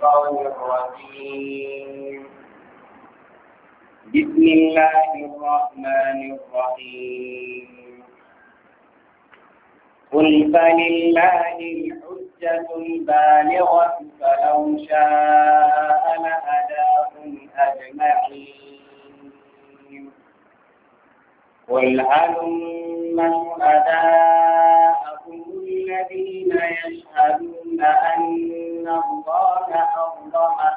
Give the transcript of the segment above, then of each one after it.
الشيطان الرجيم بسم الله الرحمن الرحيم قل فلله الحجة البالغة فلو شاء لهداكم أجمعين قل هلم شهداءكم الذين يشهدون أن الله حرم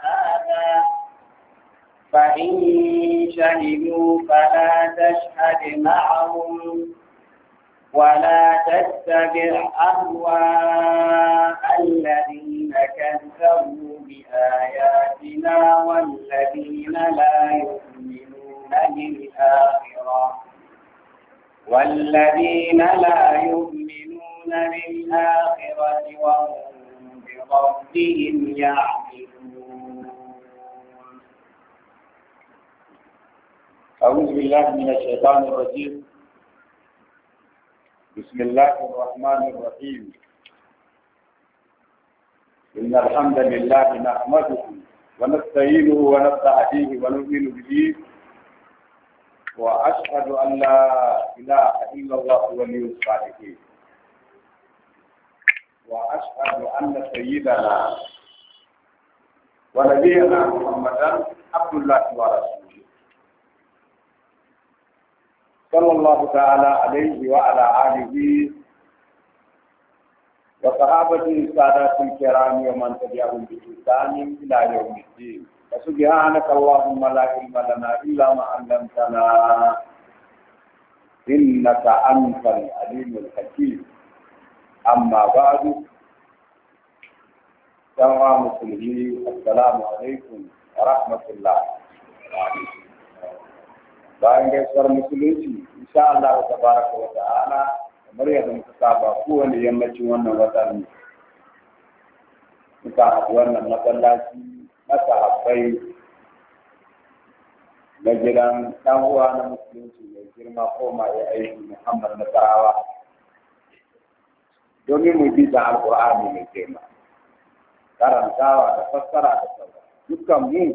هذا فإن شهدوا فلا تشهد معهم ولا تتبع أهواء الذين كذبوا بآياتنا والذين لا يؤمنون بالآخرة والذين لا يؤمنون وهم بربهم يعملون أعوذ بالله من الشيطان الرجيم بسم الله الرحمن الرحيم إن الحمد لله نحمده ونستعينه ونستهديه ونؤمن به وأشهد أن لا إله إلا الله ولي الصالحين وأشهد أن سيدنا ونبينا محمدا عبد الله ورسوله صلى الله تعالى عليه وعلى آله وصحابته السادات الكرام ومن تبعهم بإحسان إلى يوم الدين فسبحانك اللهم لا علم لنا إلا ما علمتنا إنك أنت العليم الحكيم amma ba'du wa musulmi assalamu alaikum wa rahmatullah bayan gaisuwar musulunci insha Allah ta baraka wa ta'ala kamar yadda muka saba kowane yammacin wannan watan muka haɗu wannan masallaci na sahabbai na gidan ɗan uwa na musulunci mai girma ko ma ya aiki Muhammad Nasarawa domin mu bi da alƙur'ani mai girma karantawa da fassara da sauran dukkan mu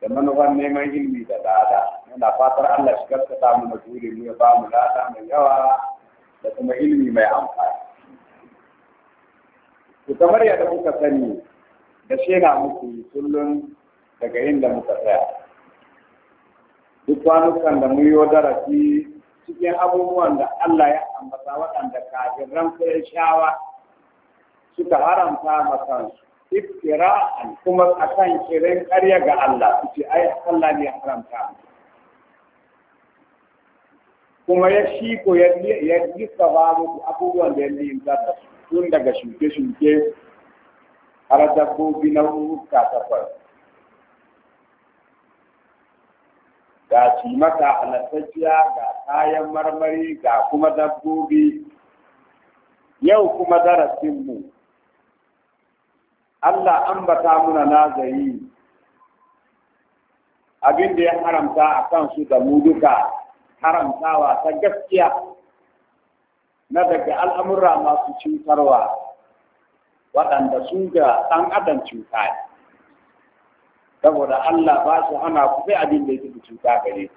da manufan neman ilimi da tsada yana fatar Allah shi gaskata mu na mu ya ba mu lada mai yawa da kuma ilimi mai amfani Ku kamar yadda kuka sani da shena muku kullum daga inda muka tsaya duk kwanukan da mu yi darasi cikin abubuwan da Allah ya ambata waɗanda kafiran shawa suka haramta makansu iftira'an kuma akan kiran ƙarya ga Allah su ce ai Allah ne haramta kuma ya shi ko ya yi ba muku abubuwan da ya linta tun daga shuke-shuke har dabbobi na ta takwas ga cimaka halattacciya ga kayan marmari ga kuma dabbobi yau kuma darasinmu Allah ambata muna nazari abin da ya haramta a kansu da mu duka haramtawa ta gaskiya na daga al'amura masu cutarwa waɗanda su ga ɗan adam cuta ne saboda Allah ba su hana ku sai abin da yake cuta gare ku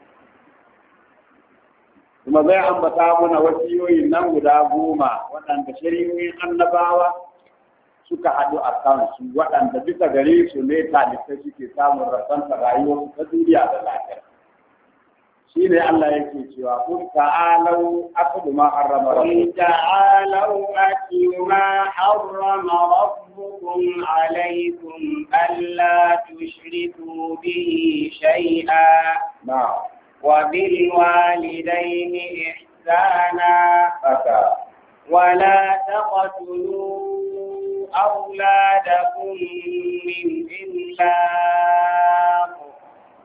kuma zai ambata mana wasiyoyi nan guda goma waɗanda shari'o'in annabawa suka haɗu a su, waɗanda bisa gare su ne talibai suke samun rasanta rayuwa ta duniya da lafiya shi ne Allah yake cewa kun ta'alau aklu ma harrama rabbukum ta'alau aklu ma harrama rabbukum alaykum alla tushriku bihi shay'a na'am wa bil walidayni ihsana ولا تقتلوا أولادكم من إملاق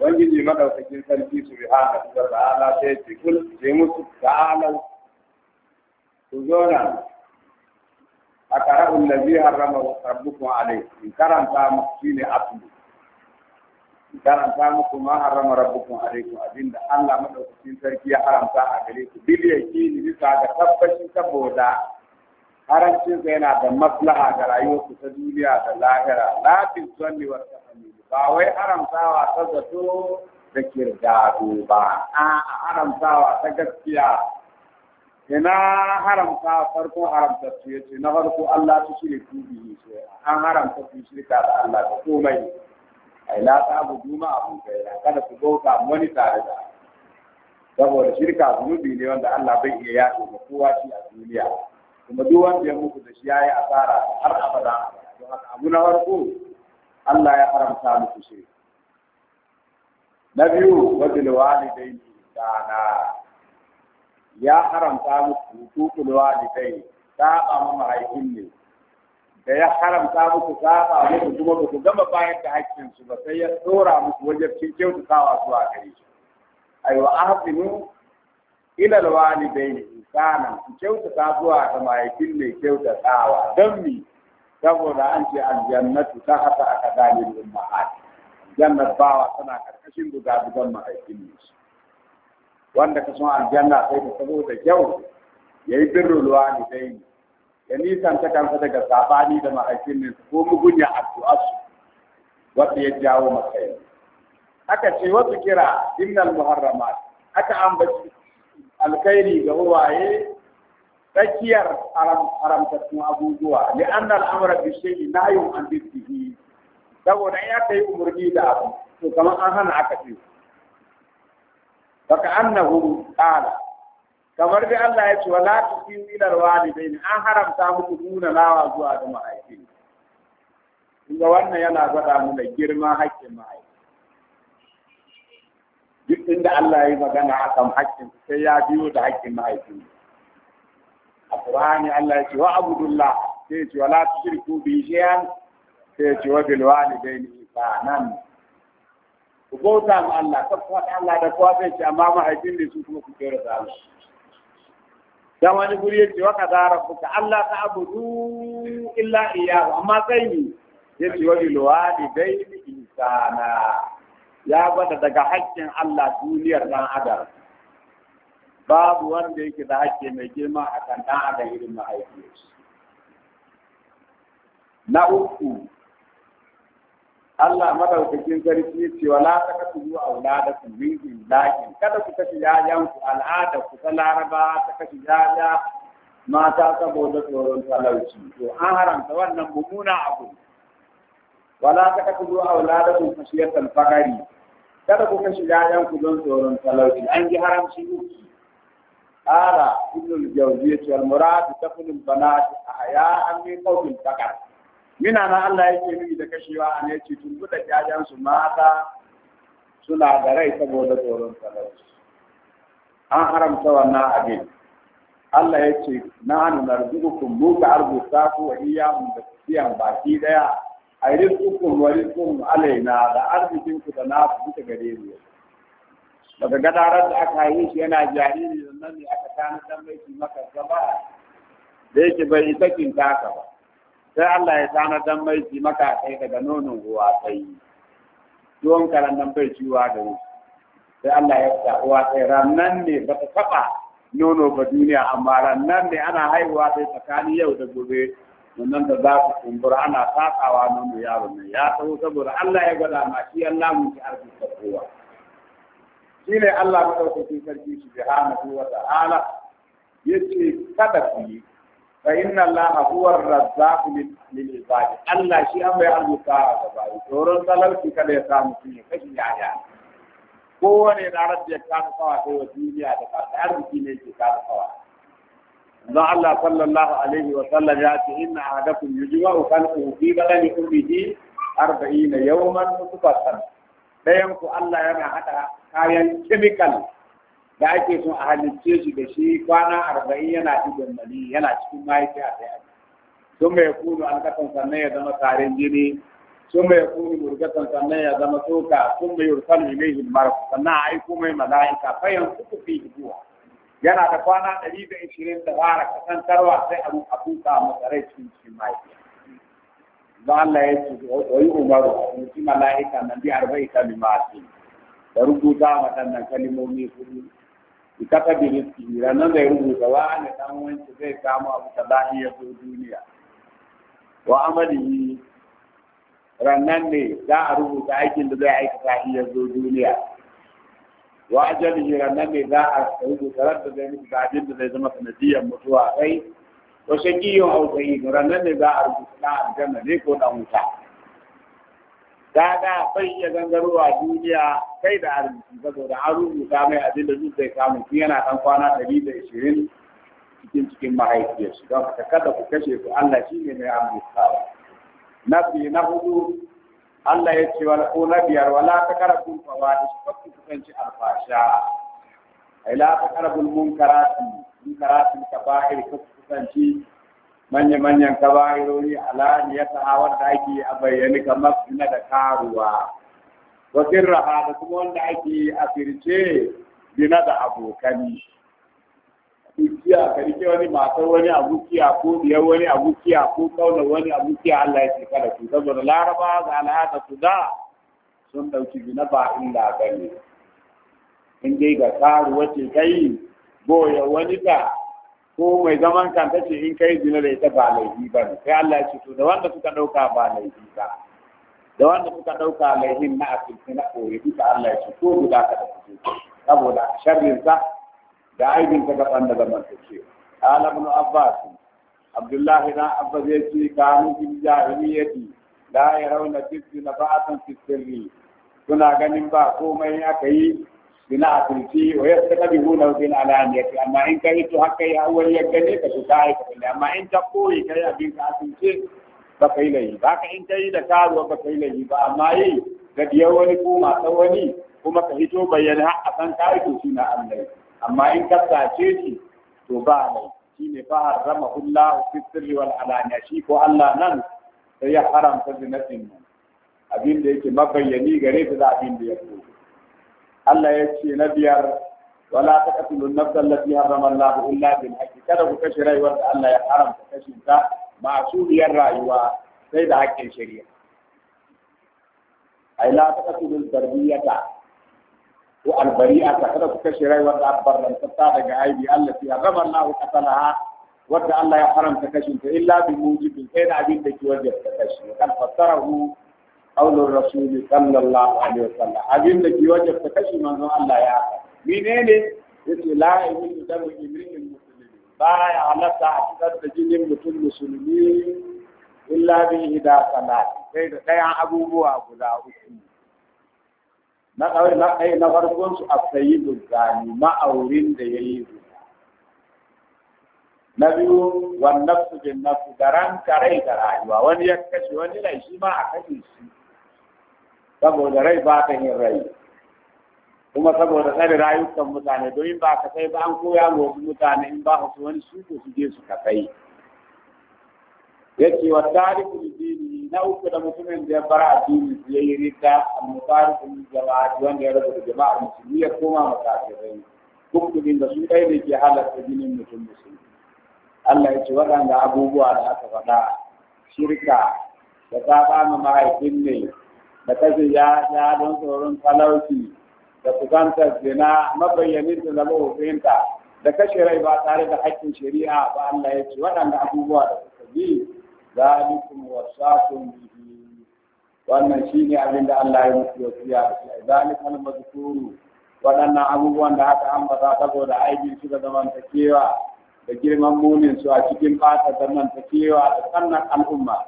ubangiji madaukakin sarki su bi bihana da ta'ala sai ce kul sai musu ta'alau su zo nan a kara'un da zai harrama rabbukun alai in karanta muku shi ne asulu in karanta muku ma harrama rabbukun alaikum abinda Allah madaukakin sarki ya haramta a gare ku biliya kini bisa ga tabbaci saboda haramcinsa yana da maslaha ga rayuwarku ta duniya da lahira lafin zuwan ne wata hannu ba wai haramtawa ta zato da kirdado ba a haramtawa ta gaskiya ina haramta farko haramta su yace na farko Allah ta shirye ce, an haramta su shirka da Allah da komai ai la ta bu duma abu kai kada su bauta wani tare da saboda shirka zunubi ne wanda Allah bai iya yaɗo ga kowa shi a duniya kuma duk wanda ya muku da shi yayi asara har abada don haka abu na farko Allah ya haramta muku shi na biyu wajen walidai dana ya haramta muku hukukul walidai saba ma mahaifin ne da ya haramta muku saba muku kuma ba ku gama bayar da hakkin ba sai ya tsora muku wajabcin kyautatawa zuwa gare shi aiwa ahsinu ila alwalidaini ihsanan ku kyautata zuwa ga mahaifin ne kyautatawa don mi saboda an ce aljannatu ta haka a kadalin ummahat jannat bawa tana karkashin dugadugan mahaifin wanda ka son aljanna sai ta da kyau yayi birrul walidain ya nisanta kansa daga sabani da mahaifin ko mugunya addu'a wanda ya jawo masa aka ce wasu kira innal muharramat aka ambaci alkhairi ga waye? tsakiyar haramtattun abubuwa li anna al'amra bi na nahyun an biddihi saboda ya kai umarni da abu to kamar an hana aka ce baka annahu qala kamar da Allah ya ce wala wani bai ne an haramta muku nuna lawa zuwa ga ma'aiki inda wannan yana gwada mana girman haƙƙin ma'aiki duk inda Allah ya yi magana kan haƙƙin sai ya biyo da haƙƙin mahaifi Qur'ani Allah yake wa abudullah sai ce wala tusriku bi shay'an sai ce wa bil walidaini ihsanan ku bauta ma Allah ka faɗa Allah da kowa sai ce amma haifin da su kuma ku kera da Allah dan wani guri ya ce wa kadara ku Allah ta abudu illa iyyahu amma sai ni ya ce wa bil walidaini ihsana ya gwada daga haƙƙin Allah duniyar dan adam babu wanda yake da ake mai girma a kan ɗan adam irin mahaifiyarsa na uku Allah madaukakin sarki ce wala ta kasu zuwa aulada su min illahin kada ku kashe yayan ku al'ada ku ta laraba ta kashe yaya mata saboda tsoron talauci to an haramta wannan mummuna abu wala ta kasu zuwa aulada su kashiyar fagari kada ku kashe yayan ku don tsoron talauci an ji haramci uku قال ابن الجوزية والمراد تكون البنات أحياء من قوم الفقر من Allah yake يكفي da kashewa ne ce tun gudu jajan su mata suna da rai saboda tsoron talauci an haramta wannan abin Allah ya na hannu na rizukukun mu ka arzuta ku wa iya da siyan baki daya a rizukukun wa rizukun alaina da arzikinku da na duka gare ni. daga gadarar da aka yi shi yana jariri da nan ne aka tana dan bai shi maka gaba da yake bai isa kin ka ba sai Allah ya tana dan mai shi maka kai daga nonon uwa sai don karan nan bai ciwa da wuce sai Allah ya ta uwa sai rannan ne ba ta taba nono ba duniya amma rannan ne ana haihuwa sai tsakanin yau da gobe wannan da za ku kumbura ana takawa nono yaron ne. ya tsawo saboda Allah ya gwada ma shi Allah mun ki arziki kowa shi ne Allah maɗaukaki sarki su bi hanahu wa ta'ala ya ce kada ku yi fa inna Allah huwa razzaqu lil ibadi Allah shi an bai arzuta ga bayi tsoron talarki kada ya samu shi ne kashi yaya kowane na rabbi ya kasa kawa ta wa duniya da kasa arziki ne ke kasa kawa don Allah sallallahu alaihi wa sallam ya ce inna ahadakum yujma'u khalquhu fi badani ummihi arba'ina yawman mutafassan dayan ku Allah yana hada kayan chemical da ake son a halicce shi da shi kwana arba'in yana cikin mali, yana cikin mahaifi a daya sun mai kunu alkatan sannan ya zama tarin jini sun mai kunu murgatan sannan ya zama soka sun mai yurfal ilaihi marf sannan a aiko mai mala'ika fayan suku fi hibuwa yana da kwana ɗari da ishirin da fara kasantarwa sai a abuka masa rai cikin cikin mahaifi ba Allah ya ce Oyi yi umaru mutum mala'ika na bi arba'in kalimatu da rubuta waɗannan kalimomi kudu ki kasa birin tsira nan zai rubuta wa ne dan wanci zai kama abu ta lahiyar duniya wa amalihi rannan ne za a rubuta aikin da zai aikata iya zo duniya wa ajalihi rannan ne za a rubuta radda zai mutu ga abin da zai zama sanadiyar mutuwa kai wa shakiyyun au sayyid rannan ne za a rubuta ɗan aljanna ne ko dan wuta kaga bai iya gangarowa duniya kai da arziki saboda an rubuta mai abin da zai samu tun yana kan kwana ɗari da ishirin cikin cikin mahaifiyar shi don ka kada ku kashe ku Allah shi ne mai amurkawa na biyu na hudu Allah ya ce wala ko na biyar wala ta karabun da shi kakku kusanci alfasha ai la ta karabun munkarati munkarati ka ba'ir kakku kusanci manya-manyan ta hawa wanda ake a bayyani kamar zina da karuwa wasu raha da kuma wanda ake a firce dina da abokani dukiya ka rike wani matar wani abukiya ko biyar wani abukiya ko kaunar wani abukiya Allah ya ce da su saboda laraba da al'ada su da sun dauki gina ba illa bane in dai ga karuwa ce kai goya wani da ko mai zaman kanta ce in kai zina da ita ba laifi ba ne sai Allah ya ce to da wanda suka dauka ba laifi ba da wanda suka dauka laifin na asirci na koyi duka Allah ya ce ko guda ka da saboda sharrin sa da aibin ga gaban da zaman ta ce qala ibn abbas abdullah ibn abbas ya ce kanu fil jahiliyyati la yarawna tisna ba'atan fi sirri suna ganin ba komai aka yi bina a turki waye su ta bi wuna wajen alayyar yake amma in ka yi su haka yi awon yadda ne ka su ta yi amma in ta koyi ka yi abin ka su ce layi ba ka in ta yi da karuwa ba layi ba amma yi da biya wani kuma ta kuma ka hito bayyana a kan karfin shi na allai amma in ka sace shi to ba mai shi ne fahar rama hula ofisiriwal alayyar shi ko allah nan sai ya haramta zinatin abin da yake mabayyani gare su da abin da ya koyi. الله يكفي نديار ولا تقتلوا النفس التي حرم الله الا بالحق كذا بكشي راي ورد الله يحرم بكشي مع سوريا الراي وسيد حق الشريعة اي لا تقتلوا البرية والبريعة كذا بكشي راي ورد أكبر من تطاق عيدي التي حرم الله قتلها ورد الله يحرم بكشي انت إلا بموجب الحين عبيد بكي وجد بكشي وقد qaulur rasul sallallahu alaihi wasallam abin da ke wajen ta kashi manzon Allah ya menene yace la ilaha illa imrin muslim ba ya halatta a cikar da jinin mutum musulmi illa bi hida salat sai da ɗayan abubuwa guda uku na kawai na kai na farkon su asayyidu zani ma'aurin da yayi na biyu wannan su bin nafsu da ran kare da rayuwa wani ya kashe wani lai shi ma a kashe shi saboda rai ba ta yin rai kuma saboda tsari rayukan mutane domin ba ka sai ba an koya ma wasu mutane in ba su wani su su je su ka yake wa tarihin dini na uku da mutumin da ya bar addini ya yi rita a mutarihin jama'a wanda ya rabu da jama'a musulmi ya koma makafirai hukumin da su ɗaya ne ke halatta jinin mutum musulmi Allah ya ce waɗanda abubuwa da aka faɗa shirka da ta ma mahaifin ne da kashe ya don tsoron talauci da kusantar zina mabayyanin da zama hukunta da kashe rai ba tare da haƙƙin shari'a ba Allah ya ce waɗanda abubuwa da suka bi wasu wasaqum bihi wannan ne abin da Allah ya ya yi wasiya zalikal mazkuru waɗannan abubuwan da aka ambata saboda aibin su da zamantakewa da girman munin su a cikin fata zamantakewa da sannan al'umma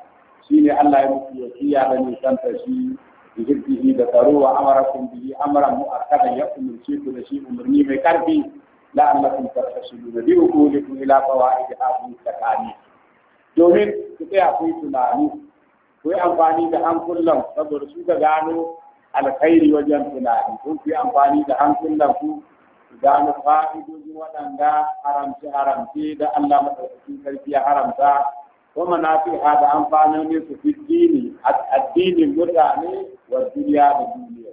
shi ne Allah ya ya wasiya da nisan shi bihi da tsaro wa amarakun bihi amaran mu a kada ya umarci ku da shi umarni mai karfi la annakum tarkashu da bi ku li ku ila fawaid abu takani domin ku tsaya ku yi tunani ku amfani da hankulan saboda su gano alkhairi wajen tunani ku yi amfani da hankulan ku gano fa'idojin waɗanda haramce haramce da Allah madaukakin sarki ya haramta wa manafi'a da amfanonin su fi dini addinin mutane wa duniya da duniya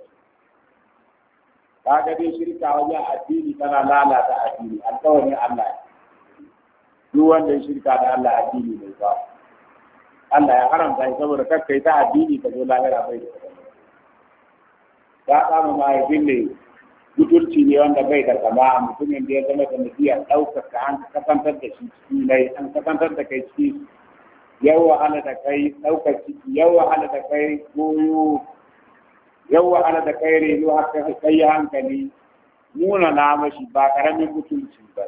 kaga dai shirka wajen addini tana lalata addini alƙawarin Allah duk wanda ya shirka da Allah addini mai ba Allah ya haramta shi saboda kakkai ta addini ka zo lahira bai da ya kama mahaifin ne mutunci ne wanda bai da kama mutumin da ya zama da nasiya ɗaukar ka an kasantar da shi ciki an kasantar da kai ciki Yau wahala da kai ɗaukar ciki ya wahala da kai goyo yau wahala da kai reno haka kai hankali nuna na mashi ba ƙaramin mutunci ba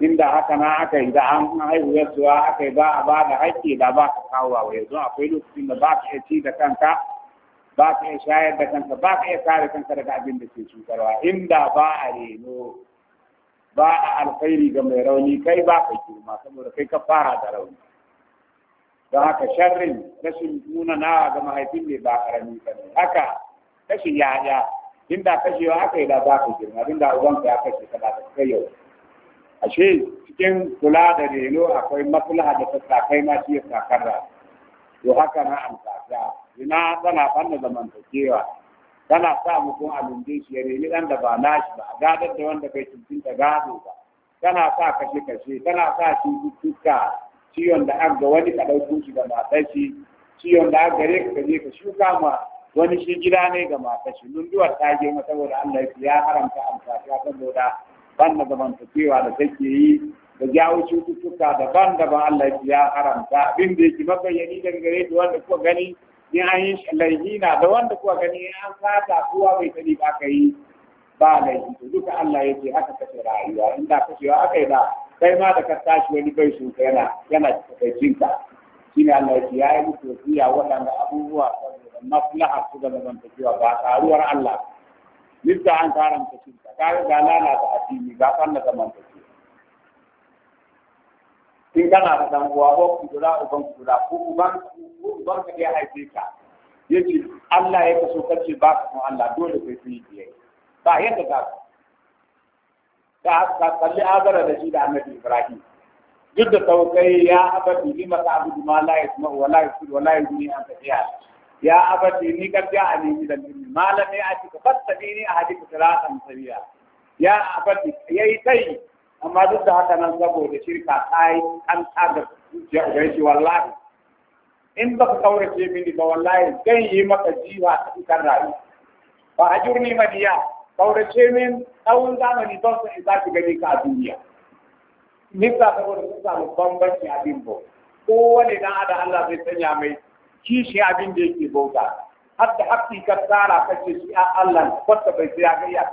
inda haka na aka yi da an haihu ya aka yi ba a ba da haƙƙi da ba ka kawo wa yanzu akwai lokacin da ba ka iya ci da kanka ba ka iya shayar da kanka ba ka iya kare kanka daga abin da ke cutarwa inda ba a reno ba a alkhairi ga mai rauni kai ba ka girma saboda kai ka fara da rauni don haka sharrin rashin nuna na ga mahaifin ne ba karami ba ne haka kashin yaya inda kashewa aka yi da ba ka girma inda ka ya kashe ka ba kai yau ashe cikin kula da reno akwai maslaha da ta kai ma shi ya sakarra to haka na amsa ina tana fanna zamantakewa tana sa mutum a lunde shi ya nemi ɗan da ba nashi ba a gadar da wanda bai cincinta gado ba tana sa kashe-kashe tana sa cututtuka ciwon da an ga wani ka ɗauko shi ga matar shi da an gare ka je ka shuka ma wani shi gida ne ga matar lunduwar ta je ma saboda Allah ya haramta amfani saboda banda zamantakewa da take yi da jawo cututtuka daban-daban Allah ya haramta abin da yake mabayyani daga gare wanda kuka gani Ni an yi laifi na da wanda kuwa gani in an sata kowa bai sani ba ka yi ba laifi to duka Allah ya ce haka kashe rayuwa in da kashewa aka yi ba, kai ma da ka tashi wani bai su yana yana cikin ka shine Allah ya ce ya yi muku wasiya waɗanda abubuwa saboda maslaha su ga zamantakewa ba karuwar Allah Lissa an karanta cinta, kaga da lalata addini ga ɓanna zamantakewa. in kana da dan uwa ko ku dora uban ku dora ko uban ku uban ka ya haife ka yace Allah ya kaso kace ba ka Allah dole kai kun yi ba yadda ka ka ka kalli azara da shi da Annabi Ibrahim duk da taukai ya abadi lima ta abudu ma la yasma wa la yusir wa la yuni an tafiya ya abadi ni ka ja ani ni da ni malami a cika fattabi ni a hadisi salatan sabiya ya abadi yayi kai amma duk da haka nan saboda shirka ta yi an taga zuciya shi wallahi in ba ka kaurace mini ba wallahi zan yi maka jiwa a cikin rayu ba a jirni madiya kaurace min tsawon zamani don su in za ki gani ka a duniya nisa saboda sun samu bambanci abin bau kowane dan adam Allah zai sanya mai kishi abin da yake bauta har da ka tsara kace shi a Allah kwatta bai sai ya ga ya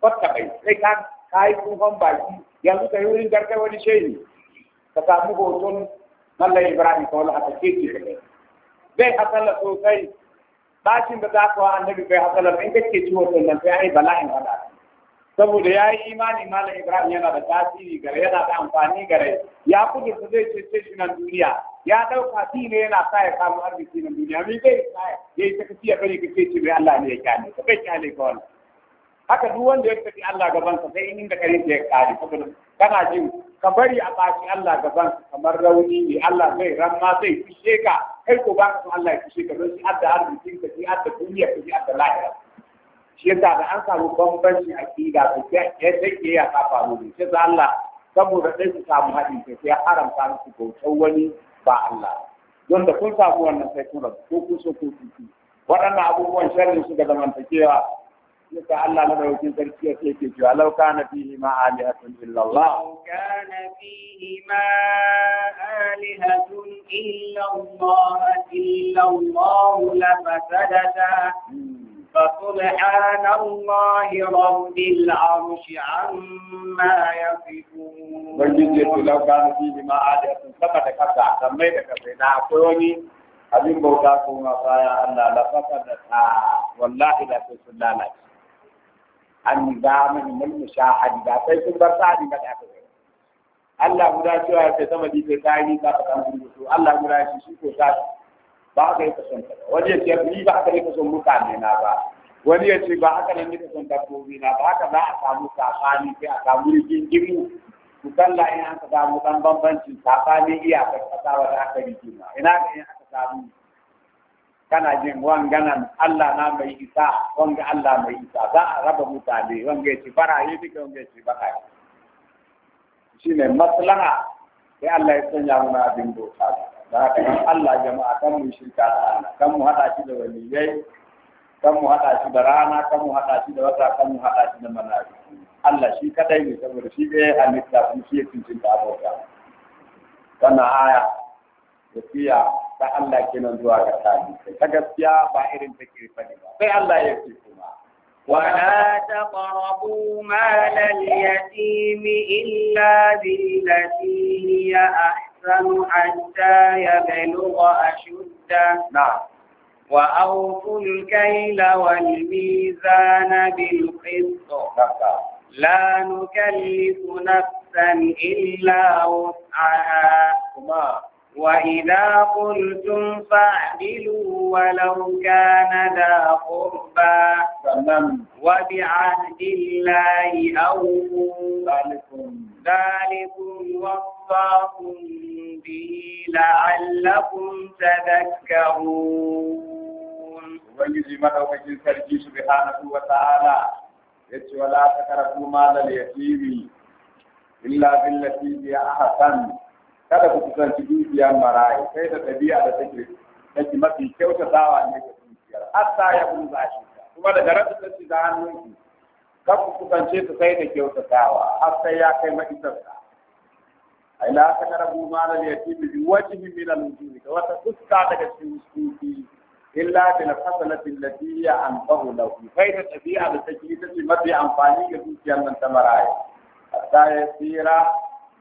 kwatta bai sai ka ka yi tsufan baki yanzu ka yi wurin garkai wani shehi ka samu hoton mallan ibrahim ka wala a take ki ka bai hasala sosai bacin da za ka wa annabi bai hasala in kake ci hoton nan sai ai bala'in hada saboda ya yi imani malam ibrahim yana da tasiri gare yana da amfani gare ya kudurta zai cece shi nan duniya ya ɗauka fi ne yana sa ya samu arziki nan duniya mai zai sa ya yi ta kafiya bari ka ce ce bai allah ne ya kyale ka bai kyale ka wannan haka duk wanda ya tafi Allah gaban sa sai in inda kare ya kare saboda kana jin ka bari a baki Allah gaban kamar rauni ne Allah zai ramma zai fishe ka kai ko ba ka Allah ya fishe ka don shi adda arzikin ka shi adda duniya ka shi adda lahira shi yasa da an samu bambancin aqida to ya take ya ka faru ne shi yasa Allah saboda dai su samu haɗin kai sai haramta musu bautar wani ba Allah don da kun samu wannan sai kun rabu ko kun so ko kun waɗannan abubuwan sharri su ga zamantakewa لك الله لما تركيا لو كان فيهما آلهة إلا الله لو كان فيهما آلهة إلا الله إلا الله لفسدتا فسبحان الله رب العرش عما يصفون. وجدت لو كان فيهما آلهة فقد كفى سميتك بنا كوني abin bauta kuma baya Allah la faka da ta النظام المشاهد sai sun bar tsari na da aka Allah guda cewa sai sama di sai kai ka ka san mutu Allah guda shi shi ko ta ba ka yi kasan ta wani ya ce ni ba ka yi kasan mutane na ba wani ya ce ba haka ne ni kasan dabbobi na ba haka za a samu sakani sai a samu rigingimu ku kalla ina ka samu dan bambanci sakani iya kasa wa da aka rigima ina ga ina ka samu kana jin wanganan Allah na mai isa wanga Allah mai isa za a raba mutane wanga ya ci yi duka wanga ya ci bakaye shi ne maslaha sai Allah ya sanya muna abin bauta da haka kan Allah jama'a kan mu shirka da Allah kan mu hada shi da waliyai kan mu hada shi da rana kan mu hada shi da wata kan mu hada shi da manabi Allah shi kadai ne saboda shi ɗaya halitta kuma shi ya da abota kana aya da fiya ta Allah kenan zuwa ga talibai ta gaskiya ba irin ta kirfa ne ba sai Allah ya ce kuma ولا تقربوا مال اليتيم إلا بالتي هي أحسن حتى يبلغ أشده نعم وأوفوا الكيل والميزان بالقسط لا نكلف نفسا إلا وسعها وإذا قلتم فاعدلوا ولو كان ذا قربى وبعهد الله أوفوا ذلكم وصاكم به لعلكم تذكرون وبنجي مدوكين سرجي سبحانه وتعالى ولا تكرهوا مال اليتيم إلا بالتي هي أحسن kada ku kusanci dukiyar marayi sai da ɗabi'a da take take mafi kyautatawa ne ga dukiyar hatta ya bunza shi kuma daga rasa ta ci da hannunki Ka ku kusance ta sai da kyautatawa har sai ya kai maisarsa ai la ta karabu malal yatimi bi wajhi min al wujuh da wata fuska daga cikin sufi illa bil fasalati allati ya anfahu lahu sai da ɗabi'a da take ita ce mafi amfani ga dukiyar nan ta marayi hatta ya tsira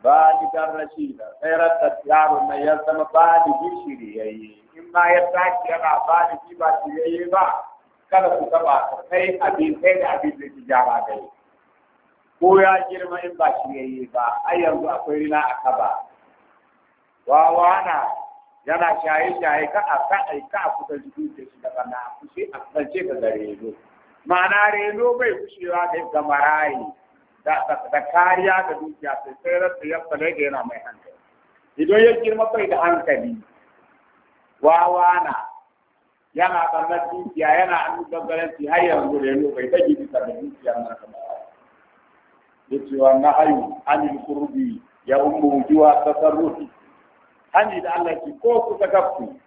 baligar rashida tsairar da yaro mai ya zama baligi shiriyayye in ma ya tashi yana baligi ba shiriyayye ba kada ku taba kai abin kai da abin da tijara dai ko ya girma in ba shiriyayye ba ai yanzu akwai rina a kaba wawana yana shaye shaye ka a ka ai ka kusa jikin shi da kana kushi a kance ka gare ma'ana reno bai kushewa da gamaraye. da kariya ga dukiya sai sai da ya fale da yana mai hankali idan ya girma bai da hankali wawa na yana ɓarnar dukiya yana an shi har yanzu da yanzu bai tage da dukiya na kamar da ce wa na ayu anil kurbi ya ummu wujuwa tasarrufi hani da Allah ki ko ku kafu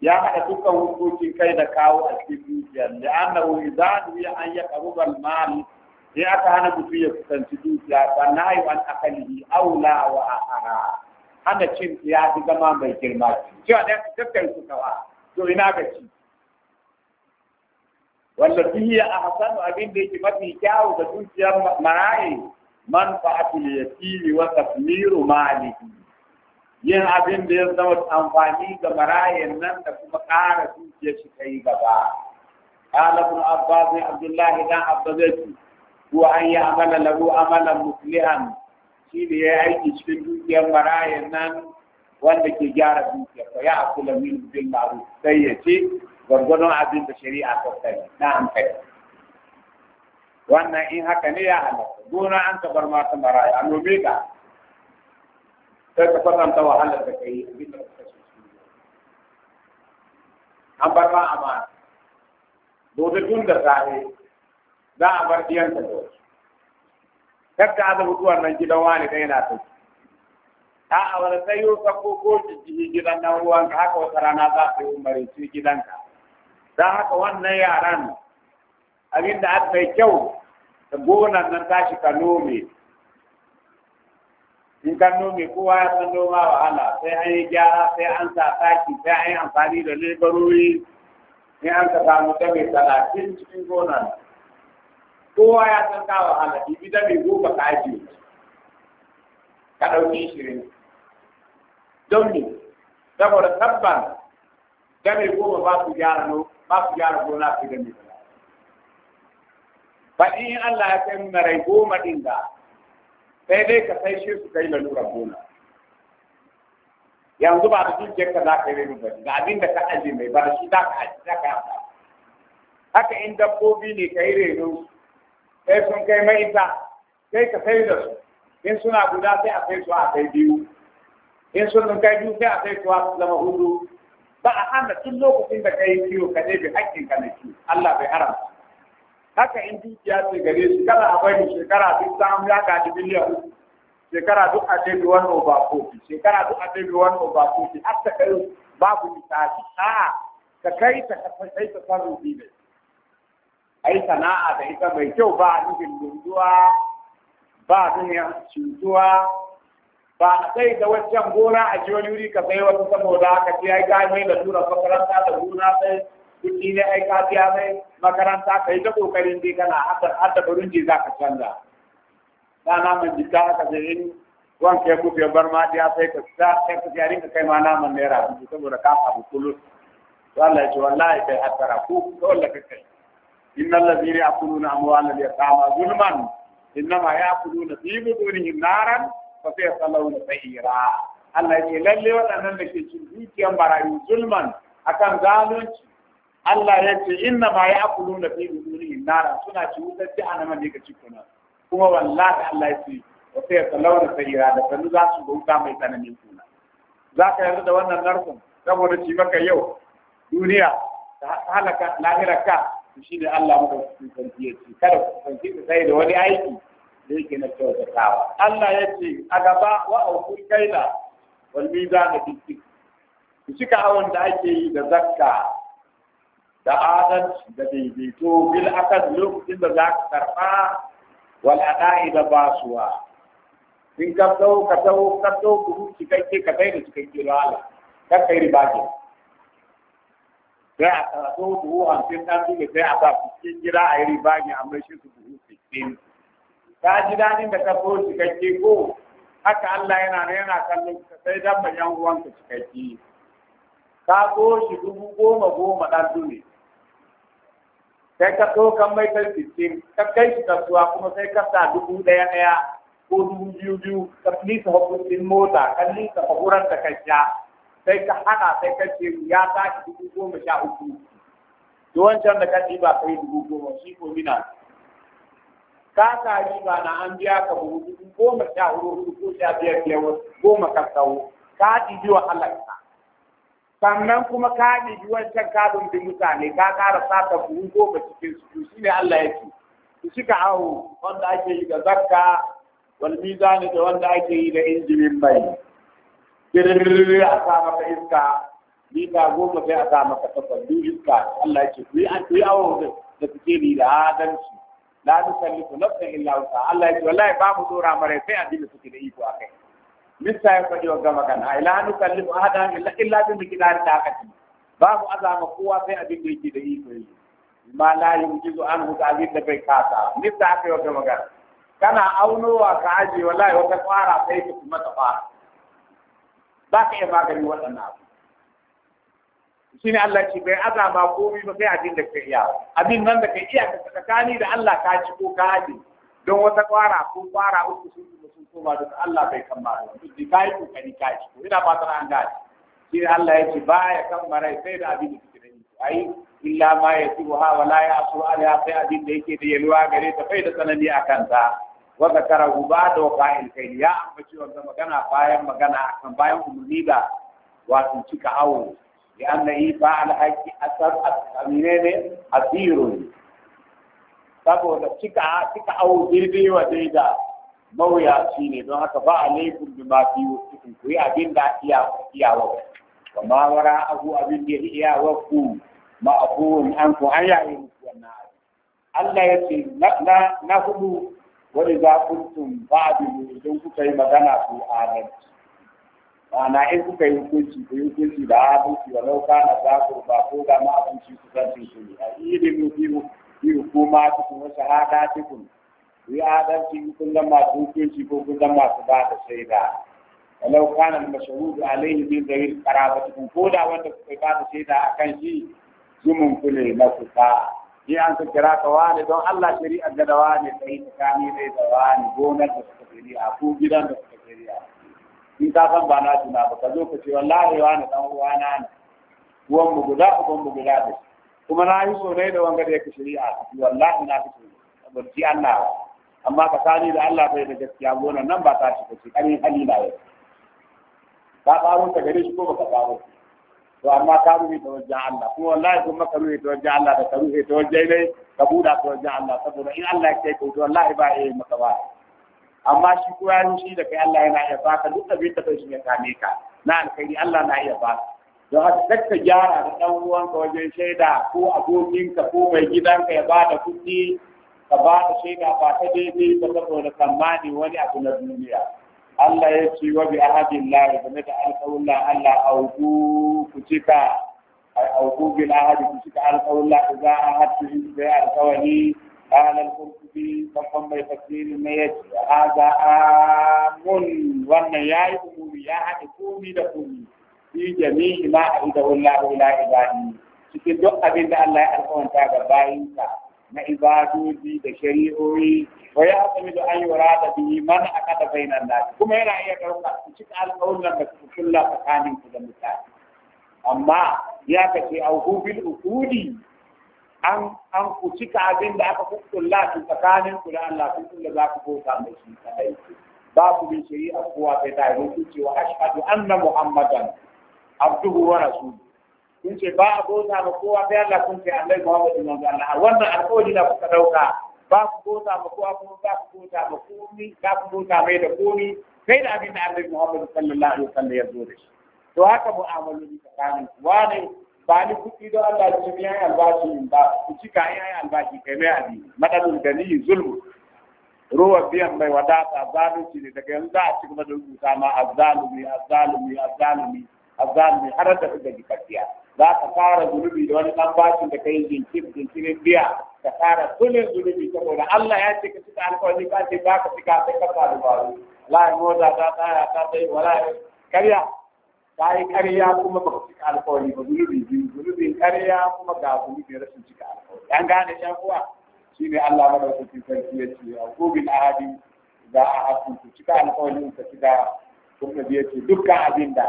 ya hada dukkan hukuncin kai da kawo a cikin dukiya da annahu idza ya an yaqruba al-mal sai aka hana mutum ya kusanci dukiya ba, na yi wani akalihi aula wa ahara hana cin ya fi zama mai girma cewa ɗan dukkan su kawa to ina ga ci wanda yi a hasanu abin da yake mafi kyawu da dukiyar maraye man fa'atul yatimi wa tasmiru malihi yin abin da ya zama amfani ga marayen nan da kuma ƙara dukiyar shi yi gaba قال ابن عباس عبد الله بن عبد وأن يعمل له عملا مخلئا في لي أي تشفين دوكيا مرايا نان وأن تجارة دوكيا فيأكل منه بالمعروف سيئتي وردنا عبد بشريعة الثانية نعم كي وأن إن هكا نيا أهلا دون أن تبر ما تمرايا أنه بيقى تتفرم توحى لكي أمبر ما أمان دو دي za a bar diyanta da wasu kakka aza mutuwar nan gidan wani ɗaya na ta Ta a wani sai yau sako ko jijjihi gidan nan ruwanka haka wata rana za su yi umarinci gidanka don haka wannan yaran abin da aka mai kyau da gonan nan tashi ka nome in ka nome kowa ya san noma wahala sai an yi gyara sai an sa taki sai an yi amfani da lebarori in an ka samu mai talatin cikin gonan kowa ya san ka wahala ibi da mai goma ka ajiye ka ɗauki shirin don me saboda tabban da mai goma ba su gyara no ba su gyara gona su da mai ba in Allah ya san mu rai goma din da sai dai ka sai shi su kai lalura gona yanzu ba da dukiyar ka za ka yi ba ga abin da ka aji mai ba da shi za ka aje za ka haka in dabbobi ne ka yi reno sai sun kai ma'ita sai ka sai da su in suna guda sai a kai su a kai biyu in sun kai biyu sai a kai su a zama hudu ba a hana tun lokacin da ka yi kiwo ka ɗebe hakkin ka na kiwo Allah bai haramta haka in dukiya ce gare shi kada a bai shekara duk samun ya gaji miliyan shekara duk a ɗebe wani oba kofi shekara duk a ɗebe wani oba kofi har ta kai babu misali a'a ka kai ta ka kai ta sarrufi ne ai sana'a da ita mai kyau ba nufin dunduwa ba nufin cutuwa ba a sai da waccan gona a ji wani ka sai wata saboda haka ce ai ka mai da tura makaranta da gona sai kuɗi ne ai ka biya mai makaranta ka yi ta kokarin dai kana hada hada burunji za ka canza dana mai jita haka sai in wanke ya kufe bar ma ya sai ka sa sai ka jarin ka kai ma naman naira saboda ka samu kullu wallahi Allah ya ce wallahi kai hasara ku dole ka kai إن الذين يأكلون أموال اليتامى ظلما إنما يأكلون في بطونهم نارا فسيصلون سعيرا Allah ya ce lalle waɗannan da ke cin dukiyar marayu zulman akan zalunci Allah ya ce inna ma ya akulu na fi buzuri nara suna ci wutar jahannama ne ga cikuna kuma wallahi Allah ya ce wa sai ya salauna sayira da sanu za su ga wuta mai tsananin kuna za ka yarda da wannan narkon saboda ci maka yau duniya ta halaka lahirarka to shi ne Allah muka cikin ya ce kada ku sanci ku sai da wani aiki da yake na kyautatawa Allah ya ce a gaba wa aukul kaila walmi za ka bisik ku cika awon da ake yi da zakka da adalci da daidaito bil akad lokacin da za ka karɓa wal ada'i da basuwa in ka tau ka tau ka tau ku cikakke ka kai da cikakke Allah. kar kai riba ke sai a karatu buhu hamsin ɗan dubu sai a sa cikin gida a yi riba ne a mai shi su buhu sittin ka ji daɗin da ta so cikakke ko haka Allah yana nan yana kallon ka sai dan bayan ka cikakke ka so shi dubu goma goma ɗan dubu sai ka so kan mai kai sittin ka kai shi kasuwa kuma sai ka sa dubu ɗaya ɗaya ko dubu biyu biyu ka nisa hukuncin mota ka nisa hakuran da ka sha sai ka haɗa sai ka ce ya tashi dubu goma sha uku Yawan wancan da ka ba kai dubu goma shi ko mina ka sa riba na an biya ka buhu dubu goma sha hudu ko sha biyar biyar goma ka kawo ka ɗibi wa halarta sannan kuma ka ɗibi wancan ka dumbi mutane ka ƙara sata buhu goma cikin su shi ne Allah ya ce su cika awo wanda ake yi da zakka wal mizani da wanda ake yi da injinin mai birrrr a sa maka iska lita goma sai a sa maka takwas duk iska Allah ce ku yi an ku yi awon da suke ni da adalci la nusallifu nafsan illa wusa Allah ya ce wallahi ba mu dora mare sai a da suke da iko kai. mista ya faɗi wa gama kana ila nusallifu ahadan illa illa bi miqdar da aka Ba mu azama kowa sai abin da yake da iko yi ma la yujizu anhu ta'zim da bai kasa mista ya yi wa gama kana kana aunowa ka aje wallahi wata kwara sai ta kuma ta fara ba ka iya magani waɗannan abu shi ne Allah ce bai azama komi ba sai abin da ka iya abin nan da ka iya ka tsakani da Allah ka ci ko ka haɗe don wata ƙwara, ko ƙwara uku sun kuma sun koma da Allah bai kammala duk ka yi kokari ka ci ko ina fatan an gaji shi ne Allah ya ce ba ya kammara sai da abin da kike da iko ai illa ma ya ci ya wala ala ya sai abin da yake da yalwa gare ta bai da tsanani a ta wanda karahu ba da waka kai ya ambaci wanda magana bayan magana akan bayan umarni da wato cika awo ya anna ifa alhaqi asar amine ne asirun saboda cika cika awo girbe wa dai da mawuyaci ne don haka ba alaikum bi ma fi wukum ku yi abin da iya iyawa wa ma wara abu abin da iyawa ku ma'fuun Allah ya ce na na hudu wani za ku ba ba'du idan kuka yi magana ku adalci ana in kuka yi hukunci ku yi hukunci da adalci wa lauka na za ku ba ko da ma abinci ku san ku ne a ilimin ku yi hukuma cikin wasu hada cikin ku yi adalci kun zama masu hukunci ko kun zama masu ba da shaida walau kana al-mashhud alayhi min dhawil qarabatikum ko da wanda kuka yi ba da shaida kan shi zumun ne na kuka ni an ka kira ka wani don Allah shari'a ga da wani yi tsakani dai da wani gonar da suka shari'a ko gidan da suka shari'a in ka san ba na tuna ba ka zo ka ce wallahi wani dan uwana ne uwan mu guda uban mu guda da kuma na yi sonai da wanga da yake shari'a wallahi na fito saboda ji Allah amma ka sani da Allah bai da gaskiya gonar nan ba ta shi ka ce ƙarin halila yau ka tsaro ta gare shi ko ba ka tsaro to amma ka rufe ta wajen Allah kuma wallahi kun maka rufe ta wajen Allah da ka rufe ta wajen dai ka buɗa ta wajen Allah saboda in Allah ya kai to wallahi ba ya yi maka ba amma shi ko ya shi da kai Allah yana iya baka duk abin da kai shi ya kame ka na alkhairi Allah na iya baka don haka kar ka gyara da dan uwanka wajen shaida ko abokinka ko mai gidanka ya bada kuɗi ka ba da shaida ba ta daidai ba saboda tsammani wani abu na duniya Allah ya ce wa bi ahadillah game da alƙawullah Allah auku ku cika ai auku a ahadi ku cika alƙawullah idza ahadtu bi alƙawli قال القرطبي فقم بتفسير ما ya هذا آم وأن يا أمومي يا أحد قومي لقومي في جميع ما أعيده الله إلى عباده cikin duk abin da Allah ya alƙawanta ga bayinsa na ibadoji da shari'o'i wa ya haɗa da an wa da biyi mana a kada bainan da kuma yana iya ɗauka su cika alƙawuran da suka kulla tsakanin ku da mutane amma ya kace auhu bil ukudi an an ku cika abin da aka kulla su tsakanin ku da Allah kun kulla za ku bauta mai shi kadai ku bin shari'a kowa sai ta yi rubucewa ashhadu anna muhammadan abduhu wa rasuluhu kun ce ba a bota ba kowa sai Allah kun ce Allah Muhammadu manzo Allah wannan alƙawari da kuka dauka ba ku bota ba kowa kuma ba ku bota ba komi ba ku bota mai da komi sai da abin da Allah Muhammadu sallallahu alaihi wasallam ya zo da shi to haka mu'amaloli tsakanin Wani ba ni kuɗi don Allah ya ci yayi albashi in ba ku ci ka yayin albashi kai mai abi da ni zulmu ruwa biyan mai wadata zalunci ne daga yanzu za a ci gaba da rubuta ma azzalumi azzalumi azzalumi azzalumi har da da gikakkiya za ka fara zunubi da wani ɗan bashin da yi jinkir jinkirin biya ka fara kullum zunubi saboda Allah ya ce ka cika alƙawari ka ce ba ka cika sai ka fara baro la moza ta tsaya ta tsaye wala karya ta yi karya kuma ba ka cika alƙawari ba zunubi biyu zunubi karya kuma ga zunubi rashin cika alƙawari an gane shan kuwa shi ne Allah madaukakin sarki ya ce a gobin ahadi za a hasu ku cika alƙawarin ka cika kuma biyar ce dukkan abin da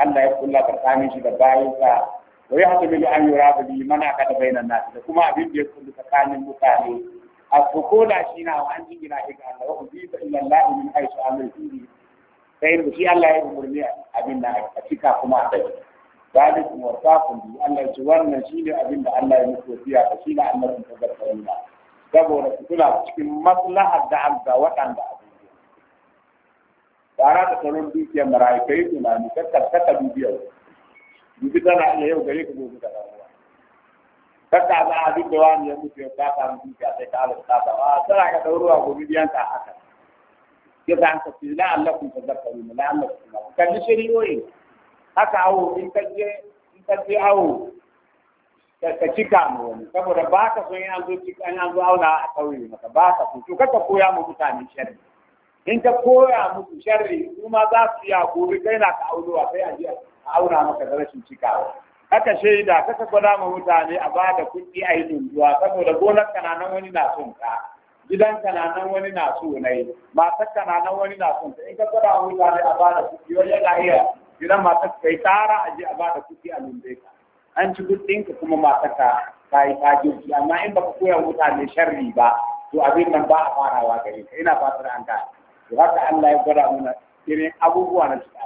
Allah ya kulla tsakanin shi da bayansa wa ya hadu bil an yuradu bi man aqada bainan nas da kuma abin da ya kula tsakanin mutane a kokoda shi na wa an jingina shi ga Allah wa ubita illa Allah min aisha amil fihi sai da shi Allah ya umurni abin da a cika kuma a dai dalikum wasaqum bi Allah ya wannan shi ne abin da Allah ya muku wasiya da shi ne annabin tabbatarina saboda su kula cikin maslahar da Allah waɗanda tara ta sauran dukiyar marayu ka yi tunani ka karkata dubiyar dubi tana iya yau gare ka gobe ka damuwa ka ta za a duk da wani ya mutu ya ka samu dukiya sai ka alasta ta ta ba tana ka ɗauruwa gobe biyan ka haka ya za ka ce la Allah kun tazakkaru mu la Allah kun ka ji shari'o'i haka awo in ka je in ka je awo ka cika mu wani saboda ba ka son yanzu zo cika yan auna a kauye maka ba ka so to kaka koya mu mutane shari'a in ka koya musu sharri kuma za su ya gobe kai na ka aunowa sai kai ajiya a aura maka da rashin cikawa haka shaida kaka gwada ma mutane a ba da kuɗi a yi dunduwa saboda gonar kananan wani na son ka gidan kananan wani na so ne matar kananan wani na son ka in ka gwada ma mutane a ba da kuɗi wani yana iya gidan matar kai tara a je a ba da kuɗi a lumbe ka an ci kuɗinka kuma matar ka ka yi tajirci amma in baka koya mutane sharri ba to abin nan ba a farawa gare ka ina fatar an gane to haka Allah ya gwada mana irin abubuwa na cikin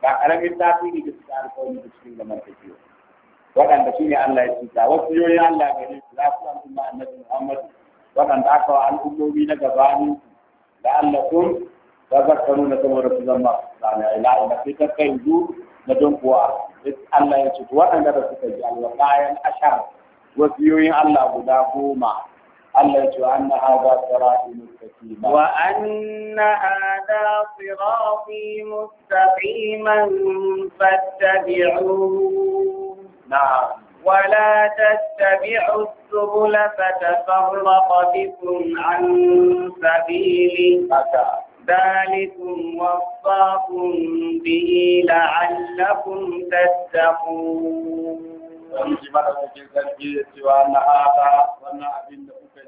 ba tasiri da cikin alƙawari da cikin zamantakewa waɗanda shi ne Allah ya cika wasu Allah gare su za su annabi Muhammad waɗanda aka wa al'ummomi na gabanin da Allah kun tazakkaru na zama sai ta kai zu na don kuwa Allah ya cika waɗanda da suka ji ashar wasu yoyin Allah guda goma أن هذا صراطي مستقيما وأن هذا صراطي مستقيما فاتبعوه نعم ولا تتبعوا السبل فتفرق بكم عن سبيله ذلكم وصاكم به لعلكم تتقون.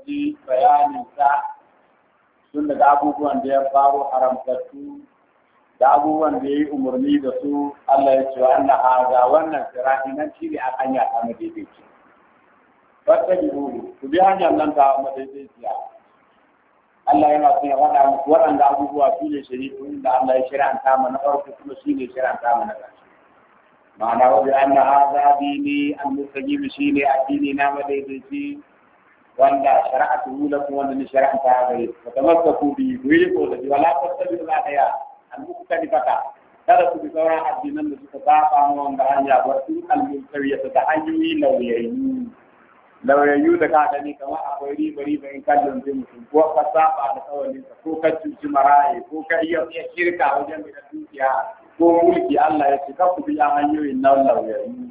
ji bayaninsa tun da abubuwan da ya faru haramtattu da abubuwan da ya yi umarni da su Allah ya ce wa Allah haza wannan sirati nan shi ne a hanya ta madaidaici. Fata bi huru, ku bi hanyar nan ta madaidaiciya. Allah yana son ya faɗa waɗanda abubuwa su ne shari'o'in da Allah ya shirya ta mana farko kuma shi ne shirya ta mana ƙarshe. Ma'ana wajen an na haza dini an mustajibi shi ne a dini na madaidaici wanda shara'atu lakum wanda ni ta gare ku tamassaku bi ku yi ko da wala tasabiru ma da ya al-muqtadifata kada ku bi sauran addinan da suka saba mu wanda hanya ba su al-mulkawiyya ta hanyoyi lauyayyu lauyayyu da ka gani kamar akwai riba riba in kallon zai mutum ko ka saba da kawalin ka ko ka cuci maraye ko ka iya shirka wajen mai dukiya ko mulki Allah ya ce ka ku bi hanyoyin nan lauyayyu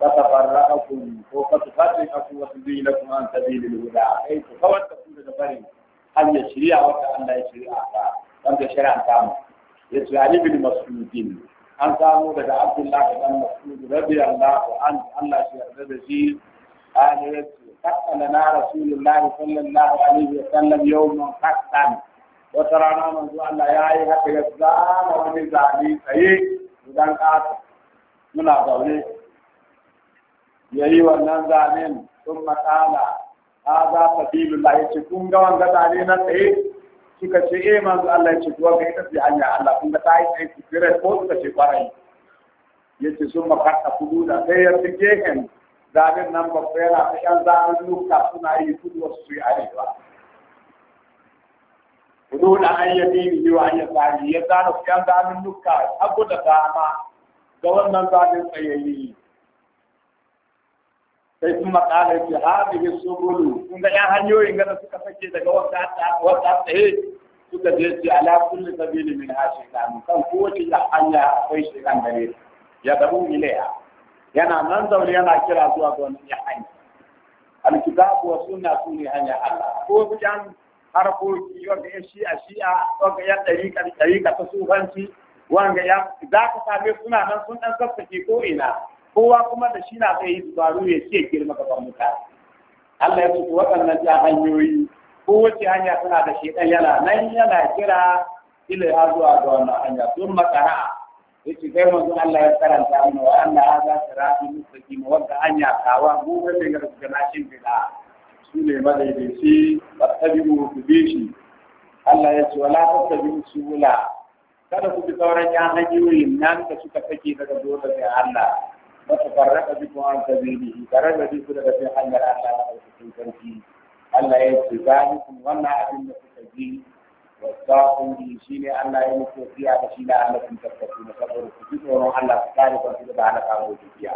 فتفرقكم وقد فرق وتبين لكم عن سبيل الهدى حيث فوت تكون لفرق هل يشريع وكأن لا يشريع أحسان فأنت شرع تامر يسوى علي بن أن تامر لك عبد الله بن مسعود رضي الله عنه أن لا يشريع بذجيل قال لنا رسول الله صلى الله عليه وسلم يوما قطعا وترانا نعم من دون أن لا يعيها في ومن الزعبين فهي مدنقات من أعضاء ya yi wannan zanen sun makala a za ta filu ya ce kun ga wanga zane na tsaye suka ce eh manzo Allah ya ce kuwa ga ita ce hanya Allah kun ga ta yi tsaye su kira ko suka ce kwarai ya ce sun makarta kudu da sai ya fi gehen zanen nan babba yana ta yan zanen nuka suna yi kudu wasu su yi arewa. Kudu da an yi dini wa an yi tsari ya zana su yan zanen nuka abu da dama ga wannan zanen tsayayyi. sai sun makala yake so bolo kun ga yan hanyoyin gana suka sake daga wata wata tsaye suka je su ala kulli sabili min shekaru kan kowace da hanya akwai shigan gare ya dabu ilaiha yana nan zaune yana kira zuwa ga wani hanya alkitabu wa sunna su ne hanya Allah ko bidan harkoki wanda ya shi a wanda ya ɗari ka ta sufanci wanda ya za ka same suna nan sun ɗan sassake ko ina kowa kuma da shi na zai yi dubaru ya ce girma ga mutane Allah ya tuku waɗannan ta hanyoyi ko wace hanya tana da shi yana nan yana kira ila ya zuwa ga wannan hanya sun makara ya ce kai mazu Allah ya karanta mana wa Allah ya za ta rafi mustaqim wanda hanya kawa mu ga ne ga ganashin bid'a su ne madaidaici mu ku bi shi Allah ya ce wala ta su wula kada ku bi sauran ya hanyoyin nan da suka take daga zuwa da Allah فتفرق بكم عن سبيله فرد بكم daga cikin hanyar Allah da cikin sarki Allah ya ce zalikum wannan abin da kuka ji wasaqun bi shine Allah ya muku fiya da shi da Allah kun tabbatu da saboda ku tsoron Allah ku kare ku da halaka ko dukiya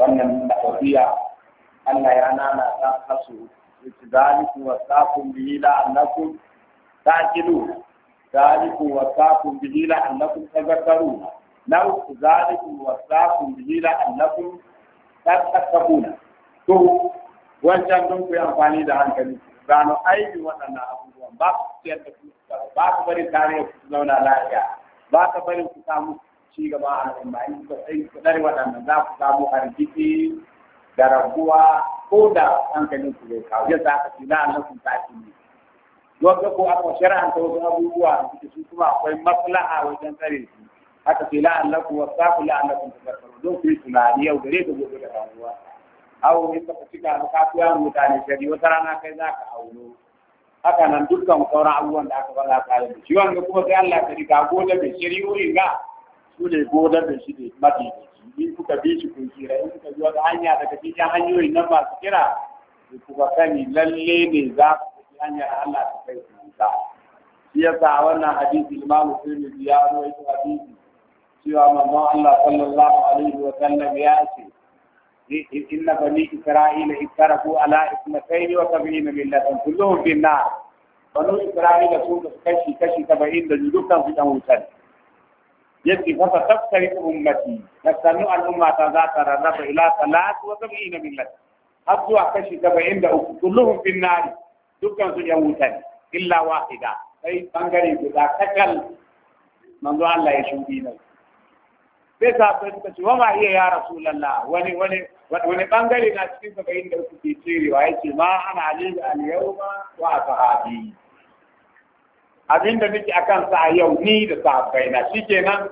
wannan da fiya Allah ya nana ta kasu zalikum wasaqun bi la'annakum ta'qilun ذلك وصاكم به لعلكم تذكرون لو ذلكم وصاكم به لعلكم تتقون to wancan don ku amfani da hankali zano aiki waɗannan abubuwan ba ku ciyar da ku ba ku bari kare ku zauna lafiya ba ka bari ku samu ci gaba a al'umma in ku sai ku dare waɗannan za ku samu arziki da rabuwa ko da hankalin ku zai kawo yadda aka ce na kun taki ne wanda ko aka shara'anta wasu abubuwa da suke su kuma akwai maslaha wajen tsare su haka sai la'allakum wasaqu la'allakum tadhakkarun don ku tunani yau gare ka gobe da rayuwa awo in ka cika ka kafiya mutane shari wata rana kai za ka auno haka nan dukkan sauran abubuwan da aka bala kayan da shi wanda kuma sai Allah ka riga gode da shari'o'in ga su ne gode da shi ne mafi in kuka bi shi kun kira in kuka zuwa da hanya daga cikin hanyoyin nan masu kira kuka sani lalle ne za ku fi hanyar Allah ta kai su nisa. Shi yasa wannan hadisi Imam Tirmidhi ya ruwaito hadisi cewa manzon Allah sallallahu alaihi wa sallam ya ce inna bani isra'ila ittarafu ala ithnatayn wa sab'ina millatan kulluhum fi nar banu isra'ila sun kashi kashi 70 da dukkan su dan wutar yace fa taftari ummati nasanu al ummata za ta rarraba ila salat wa sab'ina millatan har zuwa kashi 73 kulluhum fi nar dukkan su yan wutar illa wahida sai bangare guda kakal manzo Allah ya shudi nan sai sahabbai suka ce wa ma iya ya rasulullah wani wani wani bangare na cikin saba'in da uku ke ya ce ma ana ali da al-yawma wa ashabi abinda nake akan sa yau ni da sahabbai na shikenan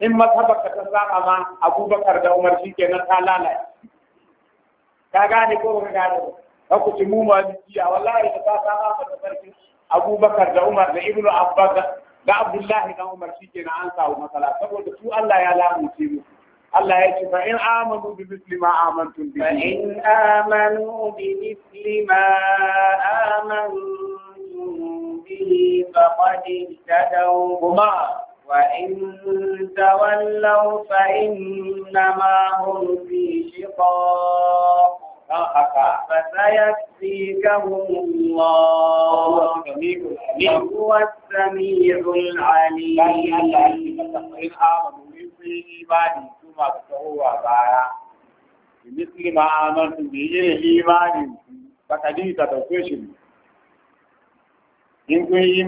in mazhabar ka ta saba ma abubakar da umar shikenan ta lalace ka gane ko ka gane ba ku ci mu ma jiya wallahi da ta saba ka da sarki abubakar da umar da ibnu abbas ga Abdullahi dan Umar shi ke an samu matsala saboda su Allah ya lamunce mu Allah ya ce fa in amanu bi misli ma amantum bi in amanu bi misli ma amantum bi faqad ihtadaw kuma wa in tawallaw fa innama hum fi shiqaq don haka ba za ya fi kuwa samirun ali masu tahowa baya misli ma amantu bi irin imanin ba ka ta dauke shi in kun yi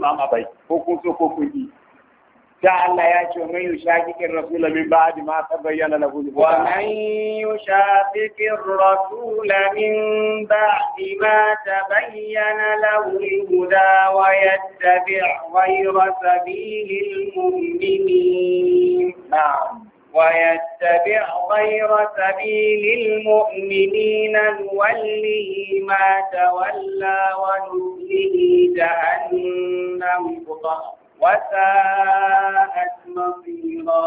ma bai da Allah ya ce man yushaqiqir rasul min ba'd ma tabayyana lahu al-huda wa man yushaqiqir rasul min ba'd ma tabayyana lahu al-huda wa yattabi' ghayra sabilil mu'minin ويتبع غير سبيل المؤمنين نوله ما تولى ونؤله جهنم وساءت مصيرا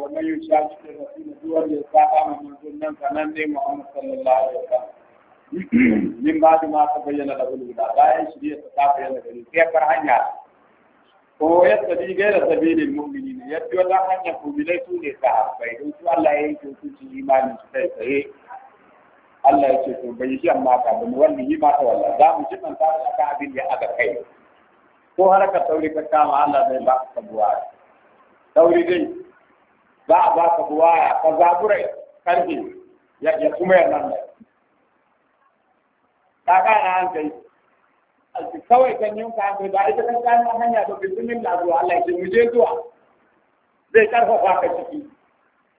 ومن يشاكك الرسول دول يساقى من منزلنا فمن دي محمد صلى الله عليه وسلم من بعد ما تبين له الهدى لا يشري تتبين له كيف هنيا ko ya tabi ga da sabilin mu'minin ya fi wata hanya ko bilai su ne ta bai don su Allah ya yi su ci imanin su kai tsaye Allah ya ce to bai shi amma ka bin wannan yi mata wallahi za mu ji man ta ka abin da ko haraka ka sauri ka kama Allah zai ba ka buwaya sauri dai za ba ka buwaya ka zabura karfi ya kuma ya nan da ka kana an kai kawai kan yin ka hankali ba ita kan kayan hanya ba bismin da zuwa Allah ya mu je zuwa zai karfafa ka ciki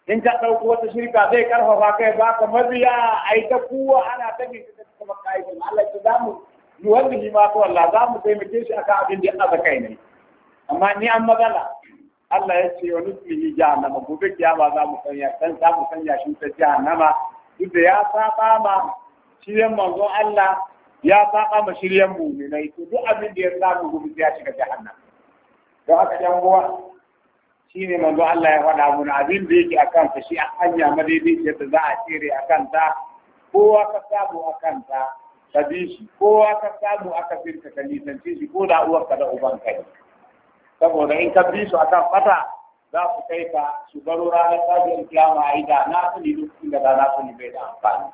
in ka ɗauko wata shirka zai karfafa kai ba ka mabiya a yi ta kuwa ana ta bi ta kuma kayan Allah ya za mu wanda shi ma Allah za mu taimake shi akan abin da aza kai ne amma ni an magana Allah ya ce wa nuslihi jahannama gobe kiyama za mu sanya san za mu sanya shi ta jahannama duk da ya saba ma shiryen manzo Allah ya saba ma shiryan mu'minai to duk abin da ya samu gobe ya shiga jahannama don haka yan uwa shi ne manzo Allah ya faɗa mun abin da yake akan ta shi a hanya madaidai da za a tsere akan ta kowa ka samu akan ta ka bi shi kowa ka samu aka firka ka nisance shi ko da uwarka da uban ka ne saboda in ka bi su a kan fata za ku kai ka su baro ranar tsajiyar kiyama a yi da na sani lokacin da da na sani bai da amfani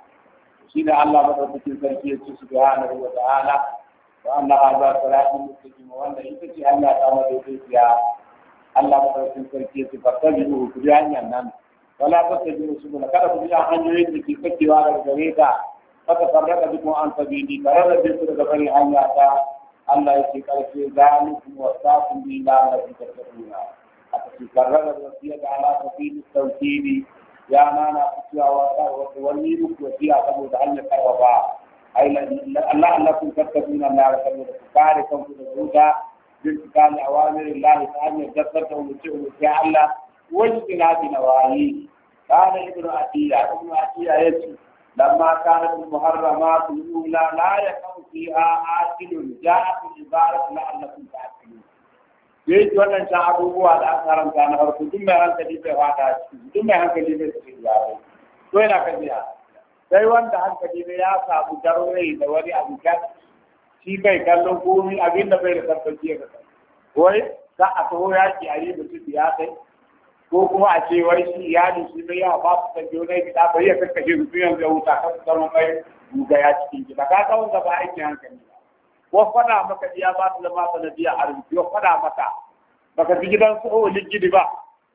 shi da Allah madaukakin sarki ya ce su da hana ruwa da hana wa Allah ha za su rafi mutum wanda ita ce Allah ta ya. Allah madaukakin sarki ya ce ba ta biyu ku bi hanyar nan wala ta ta biyu su kada ku bi hanyoyin da ke kakewa daga gare ka فتفرق بكم عن سبيلي فرد بكم دبري عن يعطى الله يشكر في ذلك وصاكم به لعلكم تتقون فتفرق الوصية على سبيل التوكيد يا نانا فتوى وتولي وصية تبود علك وباء أي لعلكم تتقون الله أن فاركم في الهدى بامتثال أوامر الله تعالى يتذكركم وتعلم يا الله واجتناب نواهيه قال ابن عتية ابن عتية يسوع لما كانت المحرمات الأولى لا يقع فيها آكل جاءت العبارة لعلكم تأكلون yayi wannan ta abubuwa da aka haramta na farko duk mai hankali bai wada ciki duk mai hankali bai ciki ya bai to yana sai wanda hankali bai ya samu darurai da wani abu kan shi bai kallon komi abin da bai da tabbaci ga wai za a taho yaki a yi mutum ya kai ko kuma a ce wai shi ya shi mai yawa ba su tafiyo na gida bai ya kakkashe su yanzu ya wuta su zama mai ya cikin gida ka ga wanda ba aiki hankali ba ko fada maka iya ba su zama sanadiyya arziki ko fada maka baka ji gidan su o gidi ba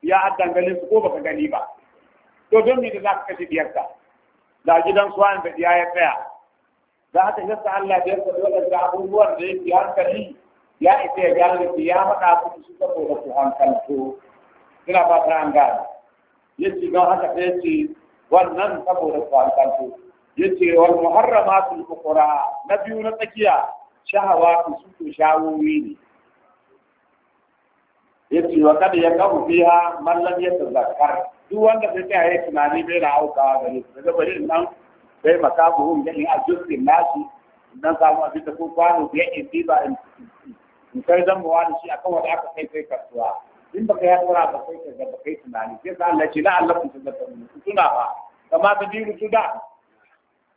ya addangalin su ko baka gani ba to don me da za ka kashe ka da gidan su an bai ya tsaya Za ka yasa Allah biyar ka dole da abubuwan da yake hankali ya isa ya gane ya faɗa su su saboda su hankalto ina ba ta an gane ce don haka sai ce wannan saboda kwanto yace wal yi kukura na biyu na tsakiya shahawa su ko shawowi ne Ya ce wa kada ya kafu biya man lam yatazakkar duk wanda sai ta yi tunani bai da aukawa gare su daga bari nan bai makabuhun gani a jirgin nasu nan samu abin da ko kwano biya in ba in kai zan mawa da shi akan wanda aka kai kai kasuwa in baka ya tsara ba kai ka ba kai tunani sai sa Allah ce la Allah kun tazakkarun ku tuna ba kama ta diru su da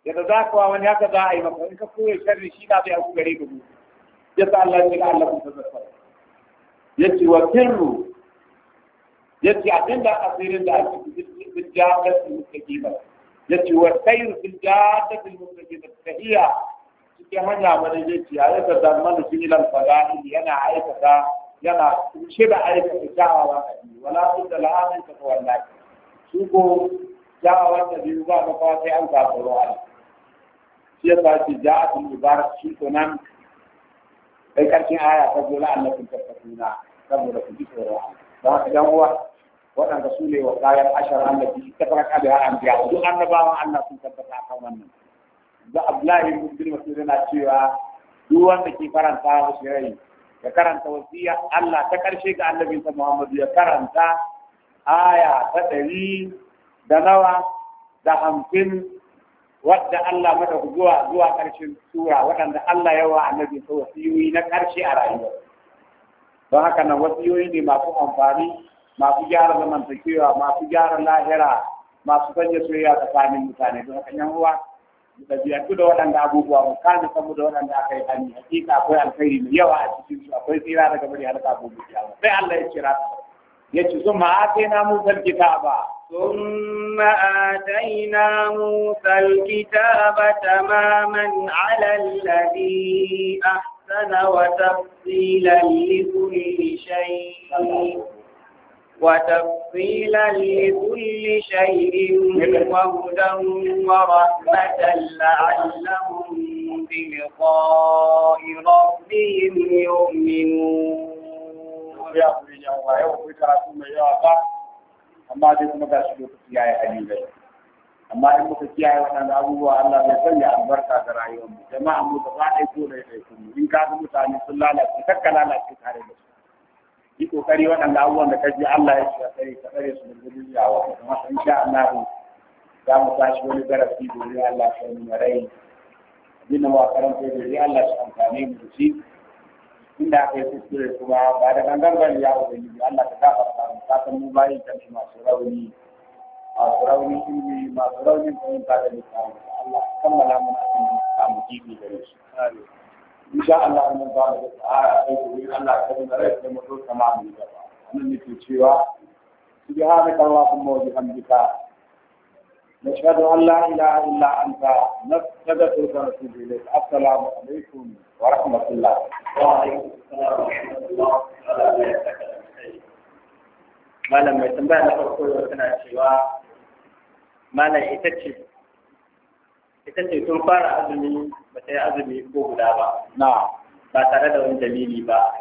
ya da za zakawa wani haka za a yi maka in ka koyi sharri shi na zai aku gare ka mu ya sa Allah ce la Allah kun tazakkarun yace wa kirru yace da asirin da ake cikin jahannam mustaqima yace wa sayru fil jahannam ta iya? cikin hanya mana yace ya da zaman cikin al-fadail yana aikata yana kunshe da aikata kyawawan ɗabi'u wala su da la'amin ta ta wallahi su ko kyawawan ɗabi'u ba ga fa sai an zaɓa ruwa shi ya sa ce ja'atul mubarak shi ko nan kai karshen aya ta zo la'allakum tattaquna saboda ku ji tsoron Allah don haka dan uwa waɗanda su ne wa kayan ashar annabi ta duk Allah tabbata Abdullahi cewa duk wanda ke faranta musu ya karanta wasiya Allah ta ƙarshe ga annabinsa Muhammadu ya karanta aya ta ɗari da nawa da hamsin wadda Allah mata zuwa zuwa ƙarshen tura waɗanda Allah yawa ta wasiyoyi na ƙarshe a rayuwa don haka nan wasiyoyi ne masu amfani masu gyara zamantakewa masu gyara lahira masu sanya soyayya tsakanin mutane don haka yan uwa da biyatu da waɗanda abubuwa mu kame kanmu da waɗanda aka yi hannu. hakika akwai alkhairi mai yawa a cikin su akwai tsira daga bari halaka abubuwa sai Allah ya kira ya ce sun ma'ataina musal kitaba ثم آتينا موسى الكتاب تماما على الذي أحسن وتفصيلا لكل شيء وتفصيلا لكل شيء وهدى ورحمة رحمة لعلهم بلقاء ربهم amma kuma ya yi amma in muka kiyaye wannan abubuwa Allah bai sanya albarka da rayuwar mu jama'a mu da ba dai ya ne mu. in ka ga mutane sun lalace kakka lalace tare da su yi kokari waɗanda abubuwan da ka ji Allah ya shi ka tsare ka tsare su da zuriya wa kuma sha Allah za mu tashi wani darasi domin Allah shi mu rai abinda mu karanta domin Allah shi amfane mu da shi inda aka yi kuskure kuma ba da gangan bari ya ubangiji Allah ka gafarta mu ka san mu bayin ka ne masu rauni masu rauni ilmi masu rauni kuma ka da lissafi Allah kammala mu na samu kifi gare shi in sha Allah mun ba mu da tsara sai domin Allah ka mu rai sai mu so sama mu gaba wannan ne ke cewa سبحانك اللهم وبحمدك نشهد ان لا اله الا انت نستغفرك ونتوب اليك السلام عليكم ورحمه الله وعليكم السلام ورحمة الله malam mai tambaya na farko yau tana cewa malam ita ce ita ce tun fara azumi ba ta ba tare da wani dalili ba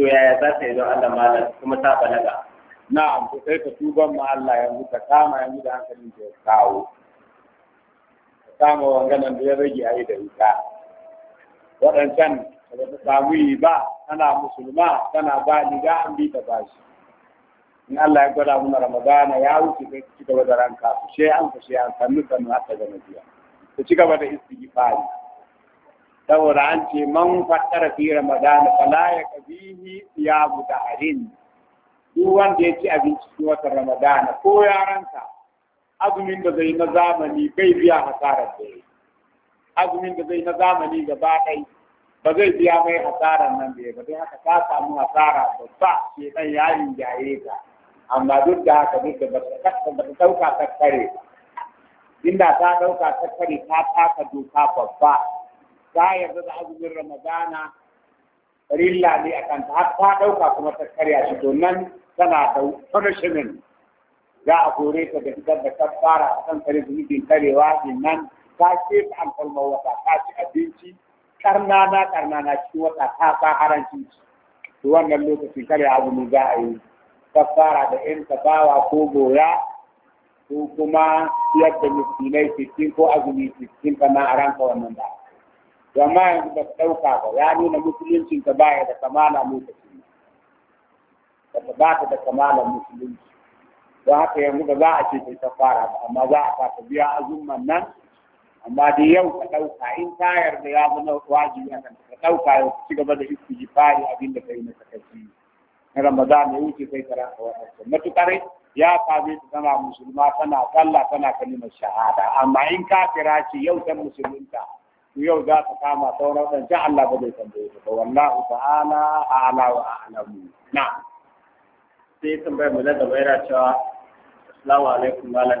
to yaya za ta yi don Allah malam kuma ta balaga na'am to sai ka tuban ma Allah yanzu ka kama yanzu da hankalin ka kawo ka kama wanganan da ya rage ayi da ita waɗancan da ta samu yi ba tana musulma tana ba ni ga an bi ta bashi in Allah ya gwada muna ramadana ya wuce sai ci gaba da ranka su she an fashe an sannu sannu har ta gama biya ta ci gaba da istighfari saboda an ce man fattara fi ramadana fala ya kabihi ya buta harin duk wanda ya ci abinci cikin wata ramadana ko yaranka azumin da zai na zamani bai biya hasarar da ya azumin da zai na zamani gaba ɗai ba zai biya mai hasarar nan da ya ba don haka ta samu hasara babba ke ɗan yayin yaye ka amma duk da haka duk da ba ta ɗauka ta kare inda ta ɗauka ta kare ta taka doka babba ta yarda da azumin ramadana rilla ne a kanta har ta ɗauka kuma ta karya shi to nan tana da punishment za a kore ta da fitar da kafara a kan kare zunubin karewa din nan ta ce ta alfalmar wata ta ci abinci karnana karnana cikin wata ta sa harancin to wannan lokacin kare ne za a yi kafara da yan tabawa ko goya ko kuma yadda miskinai sittin ko azumi sittin sannan a ranka wannan ba. amma yanzu ba su ɗauka ba ya nuna musuluncin ka baya da kamala lokaci ba ta ba ta da kamalan musulunci don haka yanzu ba za a ce kai ta fara ba amma za a fata biya azumman nan amma da yau ka ɗauka in ta yarda ya zama wajibi a kan ka ɗauka yau ci gaba da istighfari abin da kai na sakaci na ramadan ya wuce sai ka ranka wadansa matukar ya same ta tana musulma tana sallah tana kalimar shahada amma in kafira ce yau ta musulunta yau za ka kama sauran wancan Allah ba zai tambaye ka wallahu ta'ala a'la wa a'lamu na sai tambayar mu da gaba yana cewa assalamu alaikum malam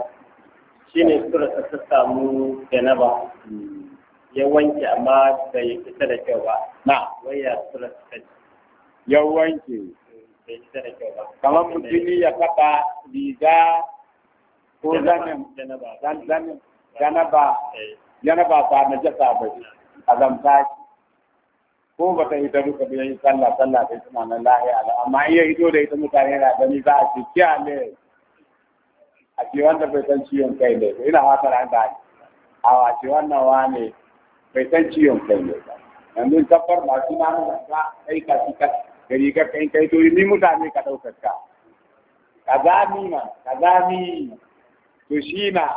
shine sura ta sassa samu janaba ya wanke amma bai fita da kyau ba na waya sura ta ya wanke bai fita da kyau ba kamar mutumi ya kaɗa riga ko zanen janaba Yana ba na jasa ba a azamta shi ko ba ta ita duka da yi sallah sallah da suna nan lahiya ala amma in ya hito da ita mutane na gani za a ce kiya ne a ce wanda bai san ciwon kai ne ina fatar an gani a ce wannan wane bai san ciwon kai ne ba yanzu tabbar masu namu ka kai ka shi ka gari ka kai kai to ni mutane ka ɗaukar ka ka zami ma ka zami to shi na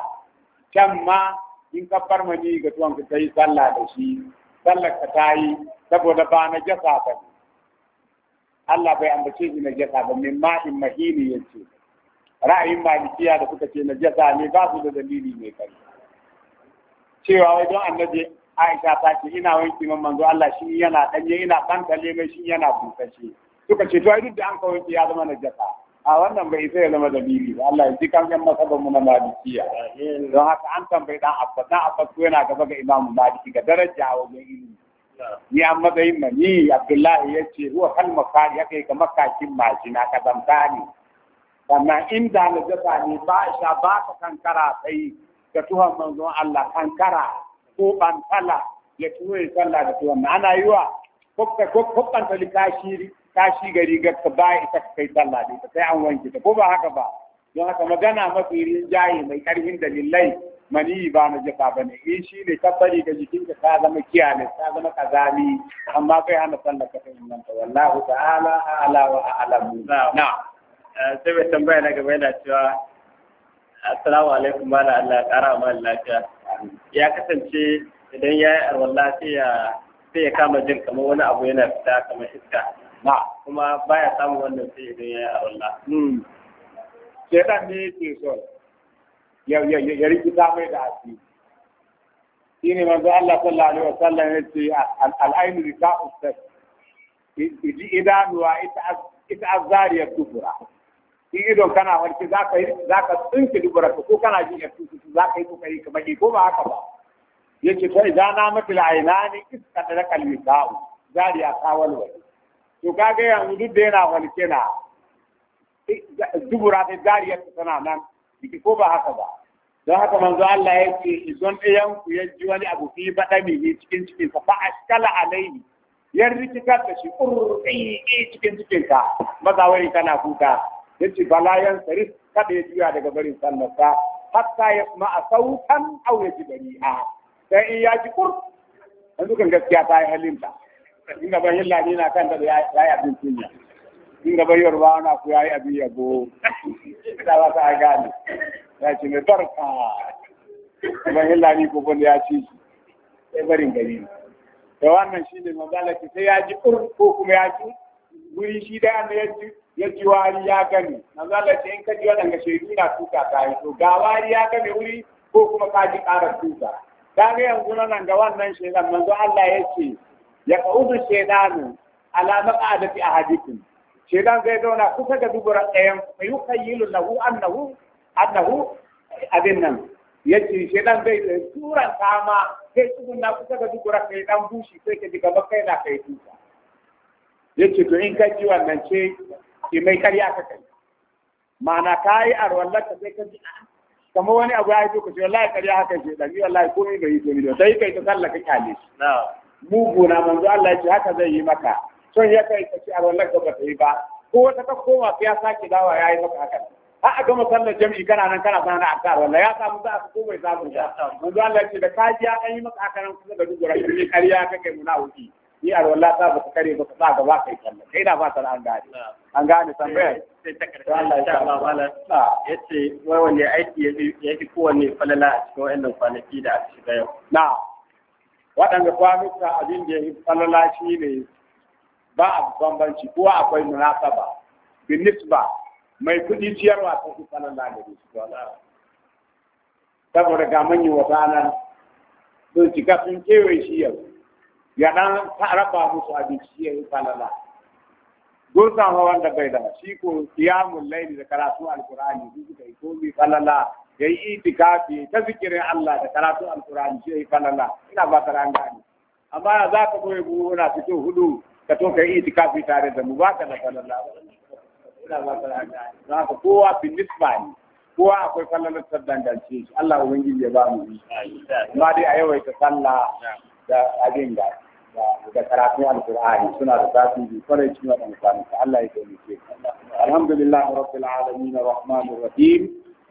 can ma in ka mani ga tuwan ka kai sallah da shi sallar ka ta yi saboda ba na jasa ba ne Allah bai ambace shi na jasa ba min ma'in mahini ce ra'ayin malikiya da suka ce na jasa ne ba su da dalili mai kai cewa wai don annabi Aisha ta ce ina wanki man manzo Allah shi yana danye ina kankale mai shi yana busashe suka ce to ai duk da an ka wanki ya zama na jasa a wannan bai sai zama dalili ba Allah ya kan yan masaban mu na malikiya don haka an tambayi dan abbas dan abbas ko yana gaba ga imamu maliki ga daraja wa ga ilimi ni an matsayin ma ni abdullahi ya ce ruwa kan mafari ya kai ga makakin majina ka zamta ne sannan inda na jasa ne ba sha ba ka kankara sai ka tuhan manzon Allah kankara ko bantala ya tuwe sallah da tuwan ana yi wa kokkanta likashiri kashi gari ga ka ba ita ka kai sallah ne sai an wanke ta ko ba haka ba don haka magana mafi jayi mai karfin dalilai mani ba na jaka ba ne in eh, shi ne tabbari ga jikinka ta zama kiyale ta zama kazami amma kai hana sallah ka kai nan wallahu ta'ala a'la wa a'lamu na eh, sai mai tambaya na gaba yana cewa assalamu alaikum mala Allah kara ma lafiya ya kasance idan ya yi arwalla sai ya kama jin kamar wani abu yana fita kamar iska kuma baya samun wannan sai idan ya yi a wallah hmm. shaitan ne yake so ya rikita mai da asiri shi ne manzo Allah sallallahu alaihi wasallam ya ce al'ainu ta tas iji idanuwa ita azzariya tubura. Shi idon kana warke za ka za ka tsinke dubura ko kana jin ya tutu za ka yi kokari ka baki ko ba haka ba yace kai za na mutila ne iska da kalmi ta'u zariya kawalwali to kaga yanzu duk da yana walke na dubura ta dariya ta tana nan ciki ko ba haka ba don haka manzo Allah ya ce idan ɗayan ku ya wani abu fi baɗami ne cikin cikin sa fa ashkala alaihi yan rikitar da shi ƙurƙi cikin cikin ka maza wani kana kuka ya ce balayan sarif kada ya juya daga barin sallarsa hatta ya a sautan au ya ji bari'a sai in ya ji kur yanzu kan gaskiya ta yi halinta in gaban hillani na kanta da ya yi abin kunya in gaban yorba na ku ya yi abin yabo da ba ta gane ya ce ne barka gaban hillani ko wanda ya ci shi sai barin gari ne da wannan shi ne mazalaki sai ya ji ur ko kuma ya ji wuri shi da yana ya ji wari ya gani mazalaki in ka ji ga shaidu na tuka ta yi to ga wari ya gani wuri ko kuma ka ji ƙara tuka ta ga yanzu nan ga wannan shaidan manzo Allah ya ce ya kaudu shedanu ala fi ahadikum shaidan zai zauna kusa da dubura ɗayan mai yukayyilu lahu annahu annahu abin nan yace shaidan zai turan kama sai na kusa da dubura kai dan bushi sai ka diga bakai na kai tuka yace to in ka ji wannan ce ki mai karya ka kai mana kai arwallar ka sai ka ji kama wani abu ya yi to ka ce wallahi karya haka shaidan ni wallahi komai bai yi to ni da sai kai ta sallaka kyale shi na'am muguna manzo Allah ya ce haka zai yi maka son ya kai kace a wannan gaba ta yi ba ko wata ta koma ya sake dawa ya yi maka haka har a gama sallar jami'i kana nan kana sanar da kar wallahi ya samu za koma za samu ba manzo Allah ya ce da kaji ya dan yi maka haka nan kuma da dubura shi kariya kake muna wuki ni a wallahi ta ba ka kare ba ka sa gaba kai sallar kai da ba ta an gane an gane tambayar sai ta karshe insha Allah malam ah. yace wai wani aiki ya fi kowanne falala a cikin wannan kwanaki da aka shiga yau na'am waɗanda kwanuka abin da ya yi falala shi ne ba a bambanci ko akwai binis ba mai kuɗi ciyarwa ta fi falala da su saboda ga manyan wata nan sun cika sun kewa shi yau ya ɗan raba musu abinci shi ya yi falala dosan hawan da bai da shi ko kiyamun laini da karatu alkur'ani su suka yi komi falala ya yi itikafi ta zikirin Allah da karatun alkurani shi ya yi falala ina ba ta ran gani amma za ka goye buhu na fito hudu ka to ka yi itikafi tare da mu ba ka da falala ina ba ta ran gani za ka kowa fi nisba ne kowa akwai falalar ta dangance shi Allah ubangiji ya ba mu amma dai a yawaita sallah da abin da da karatun alkur'ani suna da tasiri kwarai cikin waɗanda kwanuka Allah ya taimake alhamdulillah rabbil alamin rahmanir rahim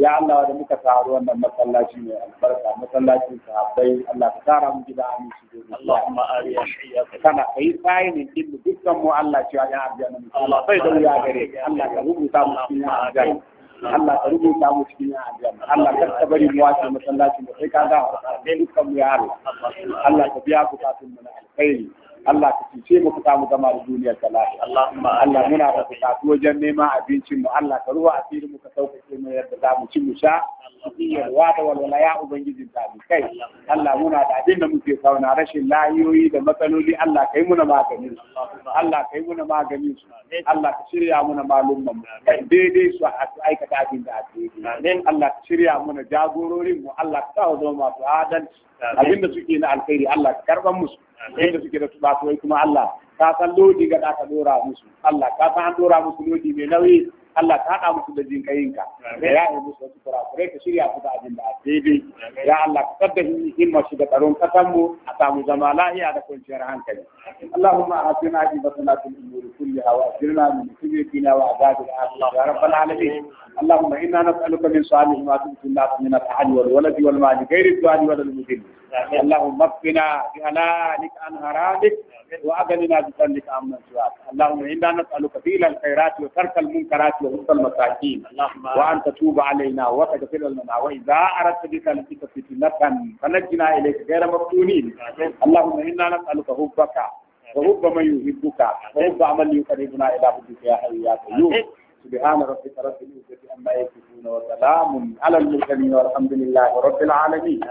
ya Allah da muka taru wannan masallaci mai albarka masallacin sahabbai Allah ka tara mu gida amin shi gobe Allahumma ari ya shiya kana kai sayinin din dukkan mu Allah cewa ya arjana mu Allah sai da ya gare Allah ka rubuta mu cikin arjana Allah ka rubuta mu cikin arjana Allah ka tabari mu wace masallacin da sai ka ga dukkan mu ya Allah Allah ka biya bukatun mu na alkhairi Allah ka cuce mu ka samu zama a duniyar ka lafiya Allah muna da bukatu wajen neman abincin mu Allah ka ruwa asirin mu ka sauƙaƙe mu yadda za mu ci mu sha yarwa da walwala ya ubangijin ta kai Allah muna da abin da muke kauna rashin layoyi da matsaloli Allah ka yi muna maganin su Allah ka yi muna maganin su Allah ka shirya muna malumman mu kai daidai su a aikata abin da ake yi Allah ka shirya muna jagororin mu Allah ka sa zama masu adalci abin da suke na alkhairi Allah ka karban musu da suke da tubatuwai kuma Allah ka san lodi ga da ka dora musu Allah ka san an dora musu lodi mai nauyi Allah ka haɗa musu da jin kayinka da ya yi musu wasu kurakurai ka shirya su da abin da a daidai ya Allah ka tsadda himma shi da tsaron ƙasan mu a samu zama lahiya da kwanciyar hankali Allahumma atina ibatana fil umuri kulliha wa ajirna min khizyatina wa azabil akhirah ya rabbal alamin Allahumma inna nas'aluka min salih ma tubtu lana min al-ahli wal walad wal mali ghairi al-dhalil wal mudhil اللهم اكفنا بهلالك عن حرامك واغننا بفضلك عمن سواك اللهم انا نسالك فيل الخيرات وترك المنكرات وحب المساكين وان تتوب علينا وتغفر لنا واذا اردت بك ان لك فتنه فنجنا اليك غير مفتونين اللهم انا نسالك حبك وحب من يحبك وحب عمل يقربنا الى حبك يا حي يا قيوم سبحان ربك رب العزه عما يصفون وسلام على المرسلين والحمد لله رب العالمين